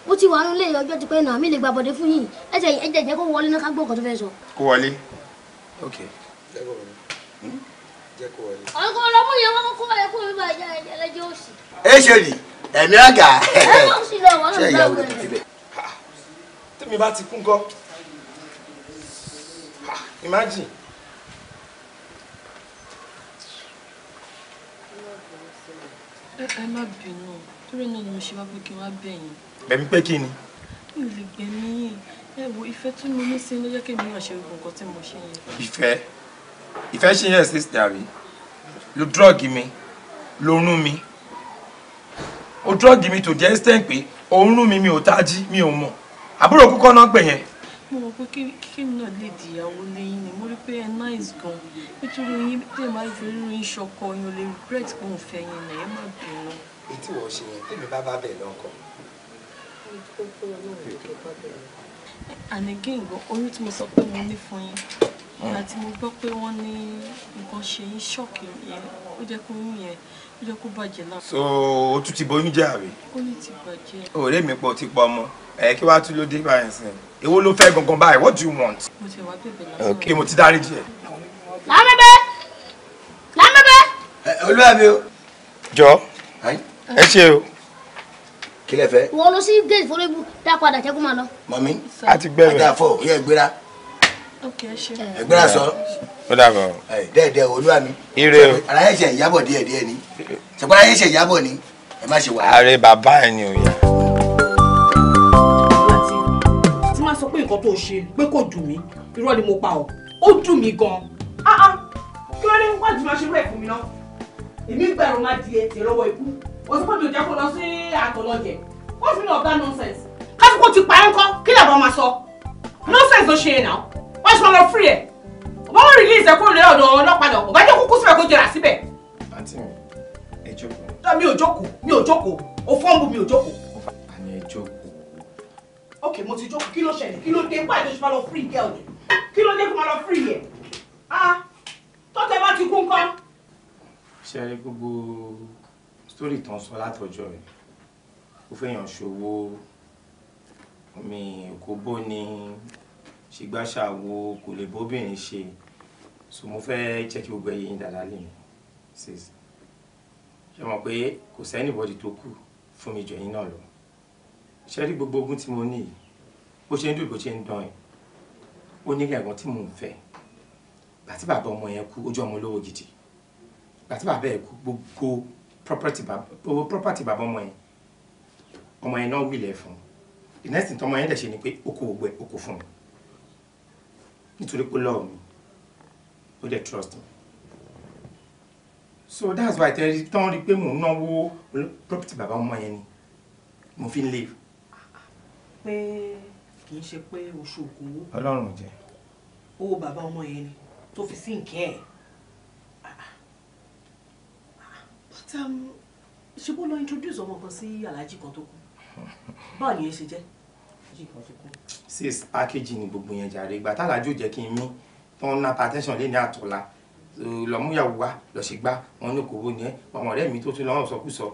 ó ti wà nílé ọjọ́ ti pẹ́ náà mi lè gbàbọ̀dé fún yìí ẹ̀jẹ̀ ẹ̀jẹ̀ jẹ́ kó wọlé náà ká gbọ́ nǹkan tó fẹ́ sọ. kó wọlé okay. jẹ́kọ̀ wọlé. Hmm? ni ẹ̀mí àgà. ẹ̀mí òsì lẹ̀ wọ́n náà dáwọ́ rẹ̀. tèmi bá ti kú ńkọ́ imagine. ẹ má bínú torí náà ni mo ṣe wá pé kí n wá bẹ̀yìn. bẹ̀mí pé kí ni. mi lè gbẹ̀mí yìí ẹ wo ìfẹ́ tí mo ní sí ló jẹ́ kí mi náà ṣe gbogbo nǹkan tí mo ṣe yẹn. ìfẹ́ ìfẹ́ ṣe yẹn sí ìdàrí lo drọ́ọ̀gì mi lo rún mi o drọ́ọ̀gì mi tó jẹ́ stent pé òun mi mi ò tají mi ò mọ̀ àbúrò kúkọ́ náà gbẹ̀ yẹn mo rò pé kí mi náà lè dìyàwó lẹ́yìn ni mo rí pé ẹ nice gan nítorí yín tẹ̀ máa fi rírun yín ṣọkọ yín ò lè regret pé òun fẹ́ yín náà ẹ má bínú. ètí wọ́n ṣe yẹn tèmi bá bá bẹ̀ lọ́kọ̀ and again gan oyún tí mo sọ pé mo ní fún yín mm. ìgbà tí mo gbọ́ pé wọ́n ní nǹkan ṣe yín ṣọ́ọ̀kì yẹn ó jẹ́ kó oyún yẹn ó jẹ́ kó bàjẹ́ náà. so o tún ti boyún jẹ àbí. ó ní ti bàjẹ́. ọ̀rẹ́ mi pọ̀ ti pọ̀ ọmọ ẹ̀ kí wàá tún ló dé báyìí sìn èwo ló fẹ́ gangan báyìí what do you want. mo ti wá bèbè lásán. ok mo ti dárí jẹ. lámẹ́bẹ́ lámẹ́bẹ́. olúwa mi o. jọ ẹ ṣe o kí lẹ fẹ́. wọ́n lọ sí gate foríbu dá padà jẹ́ máa lọ. mọ̀mí a ti gbẹ̀rẹ̀ ajá fọ yẹ gbéra. ẹgbẹ́ra sọ. ó dàbọ̀. dẹ́ẹ̀dẹ́ olúwa mi. ire o. ara yẹn ṣe ìyàbọ̀ díẹ̀díẹ̀ ni ṣùgbọ́n ara yẹn ṣe ìyàbọ̀ ni ẹ má ṣe wàhálà. ààrẹ bàbá ẹ ni ò tí máa sọ pé nǹkan tó ṣe pé kò dùn mí irọ́ ni mo pa ọ́ ó dùn mí gan-an ah, ah. kí ló dé wájú máa ṣe rẹ̀ fún mi náà kò sí pọ̀jù jẹ́ kó lọ sí àtọ̀lọ́jẹ̀ what's the meaning of that nonsense. kásìkò ti pa ẹ́ ńkọ́ kí làbọ̀ máa sọ nonsense ló ṣe é náà wọ́n ṣe máa lọ free ẹ̀ wọ́n wọ́n release ẹ̀ kó lé ọ̀dọ̀ ọlọ́pàá lọ ọ̀gá jẹ́ kúkú síbẹ̀ kó jẹrà síbẹ̀. àǹtí mi ẹ jókòó. mi ò jókòó mi ò jókòó o fọ́ǹbù mi ò jókòó. àní ẹ jókòó. ok mo ti jókòó kí ló ṣẹlẹ̀ kí ló dé nípa ìjọsìn máa lọ free girl yẹn kí ló dé kó máa lọ free yẹn. ah tọ́tẹ̀ bá ti kú ńkọ́. ṣe é gbogbo sórí ìtàn sọ látọjọ́ rẹ̀ ó fẹ́yàn ṣòwò omi òkóbó ni ṣìgbàṣà wo kò lè bóbìnrin ṣe so mo fẹ́ jẹ́ kí gbogbo ẹ̀yin dàda mi sis ṣe mọ̀ pé kò sẹ́nìbọ̀dì tó kù fún mi jọ yín náà lọ ṣe rí gbogbo ogun tí mo ní yìí bó ṣe ń dùn bó ṣe ń dán ẹ ó nílẹ̀ ẹ̀gbọ́n tí mò ń fẹ́ gbàtí bàbá ọmọ yẹn kú ojú ọmọ olówó gidi gbàtí bàbá ẹ̀ kú gbogbo property bàbá property bàbá ọmọ yẹn ọmọ yẹn náà wílẹ̀ fún the next thing tọmọ yẹn dẹ̀ ṣe ni pé ó kó gbogbo ẹ̀ fún mi nítorí pé lọ́ọ̀ mi ó dẹ̀ trust me so that's why tẹ́rí tán rí pé mò ń náwó property bàbá ọmọ yẹn ni mo fi ń live. pé kì í ṣe pé oṣù ògùn. ọlọ́run jẹ. owó bàbá ọmọ yẹn ni tó fi sí nkẹ́ ẹ̀. Um, ṣe bó lọ introduce ọmọ kan sí aláàjì kan tó kù báwo ni ẹ ṣe jẹ́ aláàjì kan tó kù. six akéjì ni gbogbo yẹn jàre ìgbà tálàjì ò jẹ́ kí n mí tó ń ná partition lé ní àtọ̀la lọ́múyàwó wa lọ́sẹ̀gbá wọn ní kòwó ni ẹ àwọn ọ̀rẹ́ mi tó tún lọ́wọ́ sọkúsọ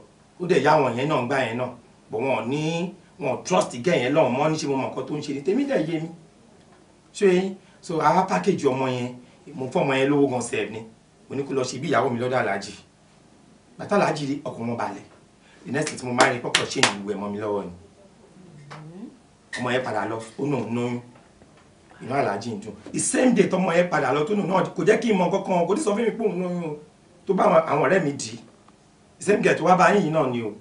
ó dẹ̀ yá àwọn yẹn náà gbá yẹn náà bọ̀ wọn ní wọn trust gẹ̀ yẹn lọ́wọ́ mọ́ níṣẹ́ mo mọ̀ nǹkan tó ń ṣe ni tèmi dẹ̀ yé mi ṣé so àwa package ọmọ yẹn mo fọ́ ọmọ yẹn lówó gan sẹ́ẹ̀ ni mo ní kó lọ ṣe bí ìyàwó mi lọ́dọ̀ aláàjì bàtà làájì rí ọkàn wọn balẹ̀ the next thing tí mo máa rí pọ̀pọ̀ ṣe ìwé ẹ̀mọ́ mi lọ́wọ́ ni ọmọ yẹn padà lọ ó náà lóyún inú aláàjì ń dùn the same day tọmọ yẹn padà lọ tó nù náà kò jẹ́ kí n mọ kankan kò ní sọ fún mi pé òun lóyún o tó bá àwọn ọ̀rẹ́ mi dì í the same day tó wá bá yín yìí náà ni o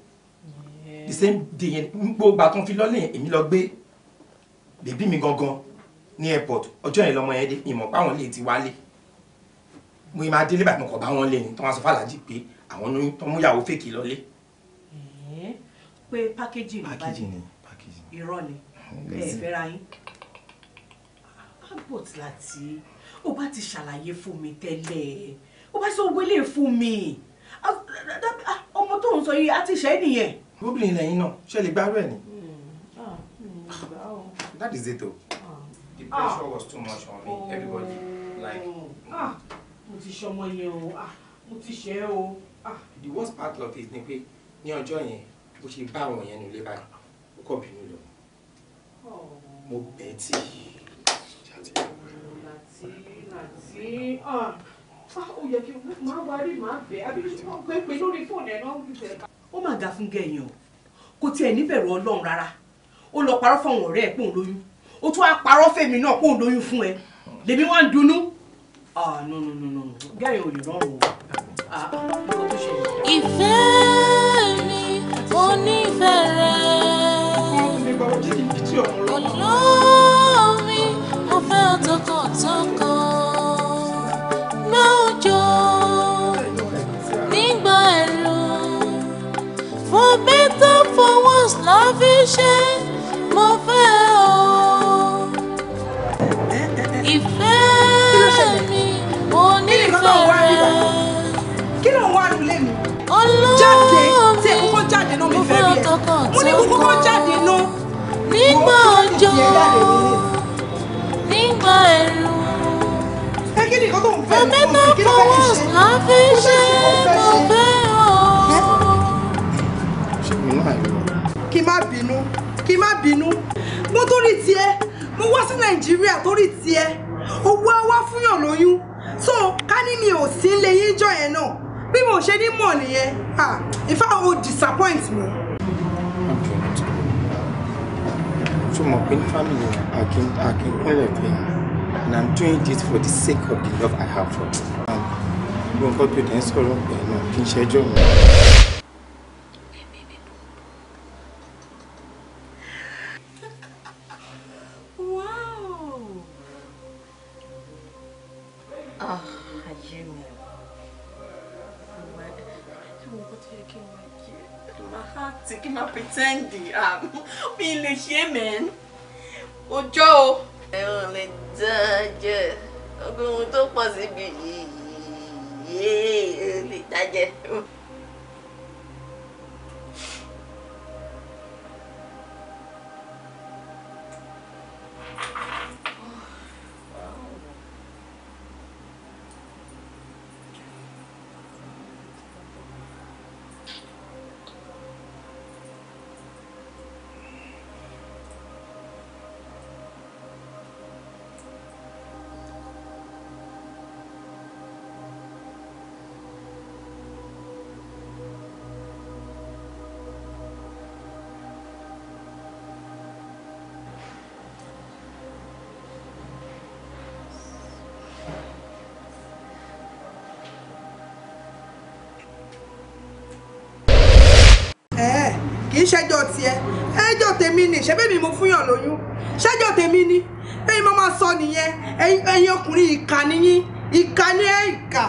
the same day yẹn gbogbo àtún fi lọ́lẹ̀ èmi lọ gbé bèbí mi gangan ní airport ọjọ́ yẹn lọmọ yẹn dé ìmọ̀ páwọn lè ti wálé mo máa délé bàtí mo kọ̀ bá wọn lé ni tí wọ́n sọ fún aláàjì pé àwọn ló tán múyàwó fèkì lọlé. pé pákéjì ni pákéjì ni pákéjì ni irọ́ ni ẹ fẹ́ra yín. albert láti ó bá ti ṣàlàyé fún mi tẹ́lẹ̀ ó bá sọ wẹ́lẹ̀ fún mi ah, ah, ọmọ tó ń sọ yìí á ti ṣẹ́ nìyẹn. gómìnà lẹ́yìn náà ṣe lè gbárù ẹ̀ ni. Hmm, ah, that is it o. the pressure was too much on me everybody like. Hmm. mo ti ṣọmọ yẹn o mo ti ṣe é o ah the worst part of it ni pé ní ọjọ́ yẹn bó ṣe bá àwọn yẹn nílé báyìí ó kọ̀ bínú lọ oh. mo bẹ̀ tí. láti láti ga fún gẹ̀yìn o kò tiẹ̀ níbẹ̀rù ọlọ́run rárá ó lọ parọ́ fún àwọn ọ̀rẹ́ ẹ̀ pé òun lóyún ó tún á parọ́ fèmí náà pé òun lóyún fún ẹ lèmi wá ń ah no no no no gẹ̀yìn ò lè rọrùn o. Ah ìfẹ́ mi onífẹ́ rẹ̀ olómi mo fẹ́ tọkàntọkàn lọ́jọ́ nígbà ẹ̀rùn for better for worse la fi lọ́kàn tó kọ́. mo ní kókó jáde nù. nígbà òjò nígbà ẹ̀rù. èmi tó fọwọ́ àfi ṣe mo fẹ́ o. kí má bínú kí má bínú mo torí tiẹ̀ mo wá sí nàìjíríà torí tiẹ̀ owó wá fúnyàn lóyún so ká ní mi ò sí lè yín jọ yẹn náà bí mo ṣe ní mọ̀ nìyẹn ah in o disappoint me. mọ̀ pé family akin akin kúnlẹ̀ fẹ́ and i'm doing this for the sake of the love i have for you and gbogbo nǹkan tó dẹ̀ ń sọ̀rọ̀ ọ̀pẹ̀ náà kì í ṣẹjọ́ mi. Ayé mi, ìwà ẹ̀wọ̀n kò tẹ́ kí n máa jẹ́ tó máa háàtì kí máa pìtẹ́ǹdì mi lè ṣe mẹ́n ọjọ́ o. ẹ̀wọ̀n lè dájẹ́ ọgbẹ́ ohun tó pọ̀ síbi yìí ṣẹjọ́ tiẹ̀ ẹjọ́ tèmi ni ṣẹ́bẹ́mi mo fúnyàn lóyún ṣẹjọ́ tèmi ni ẹ̀yin mo máa sọ nìyẹn ẹ̀yin ọkùnrin ìkà nìyín ìkà ni ẹ̀ ìkà.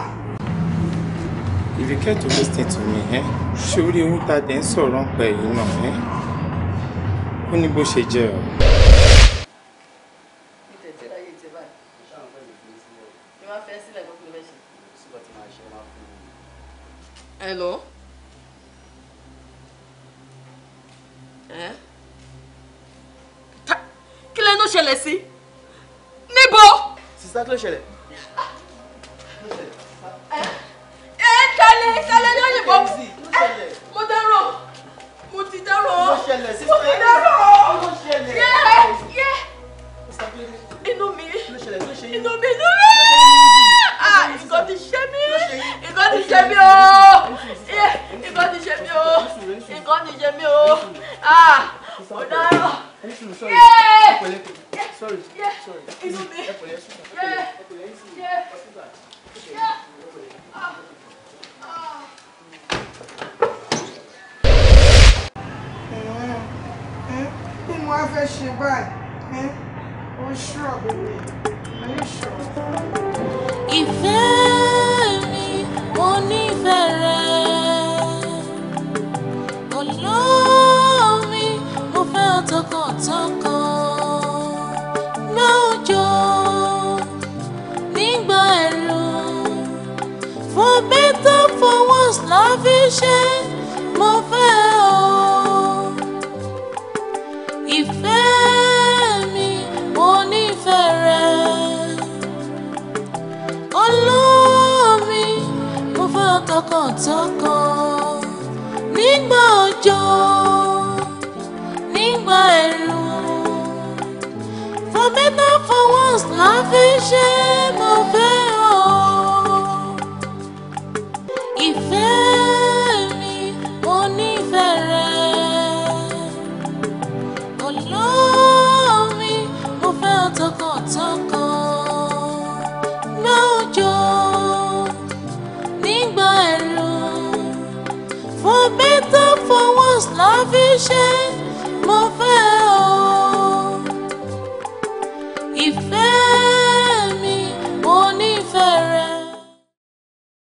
if you care to listen to me ẹ eh, ṣé orí orúta dẹ̀ ń sọ̀rọ̀ ń pẹ̀ yìí náà ẹ eh? ó ní bó ṣe jẹ́ ọ.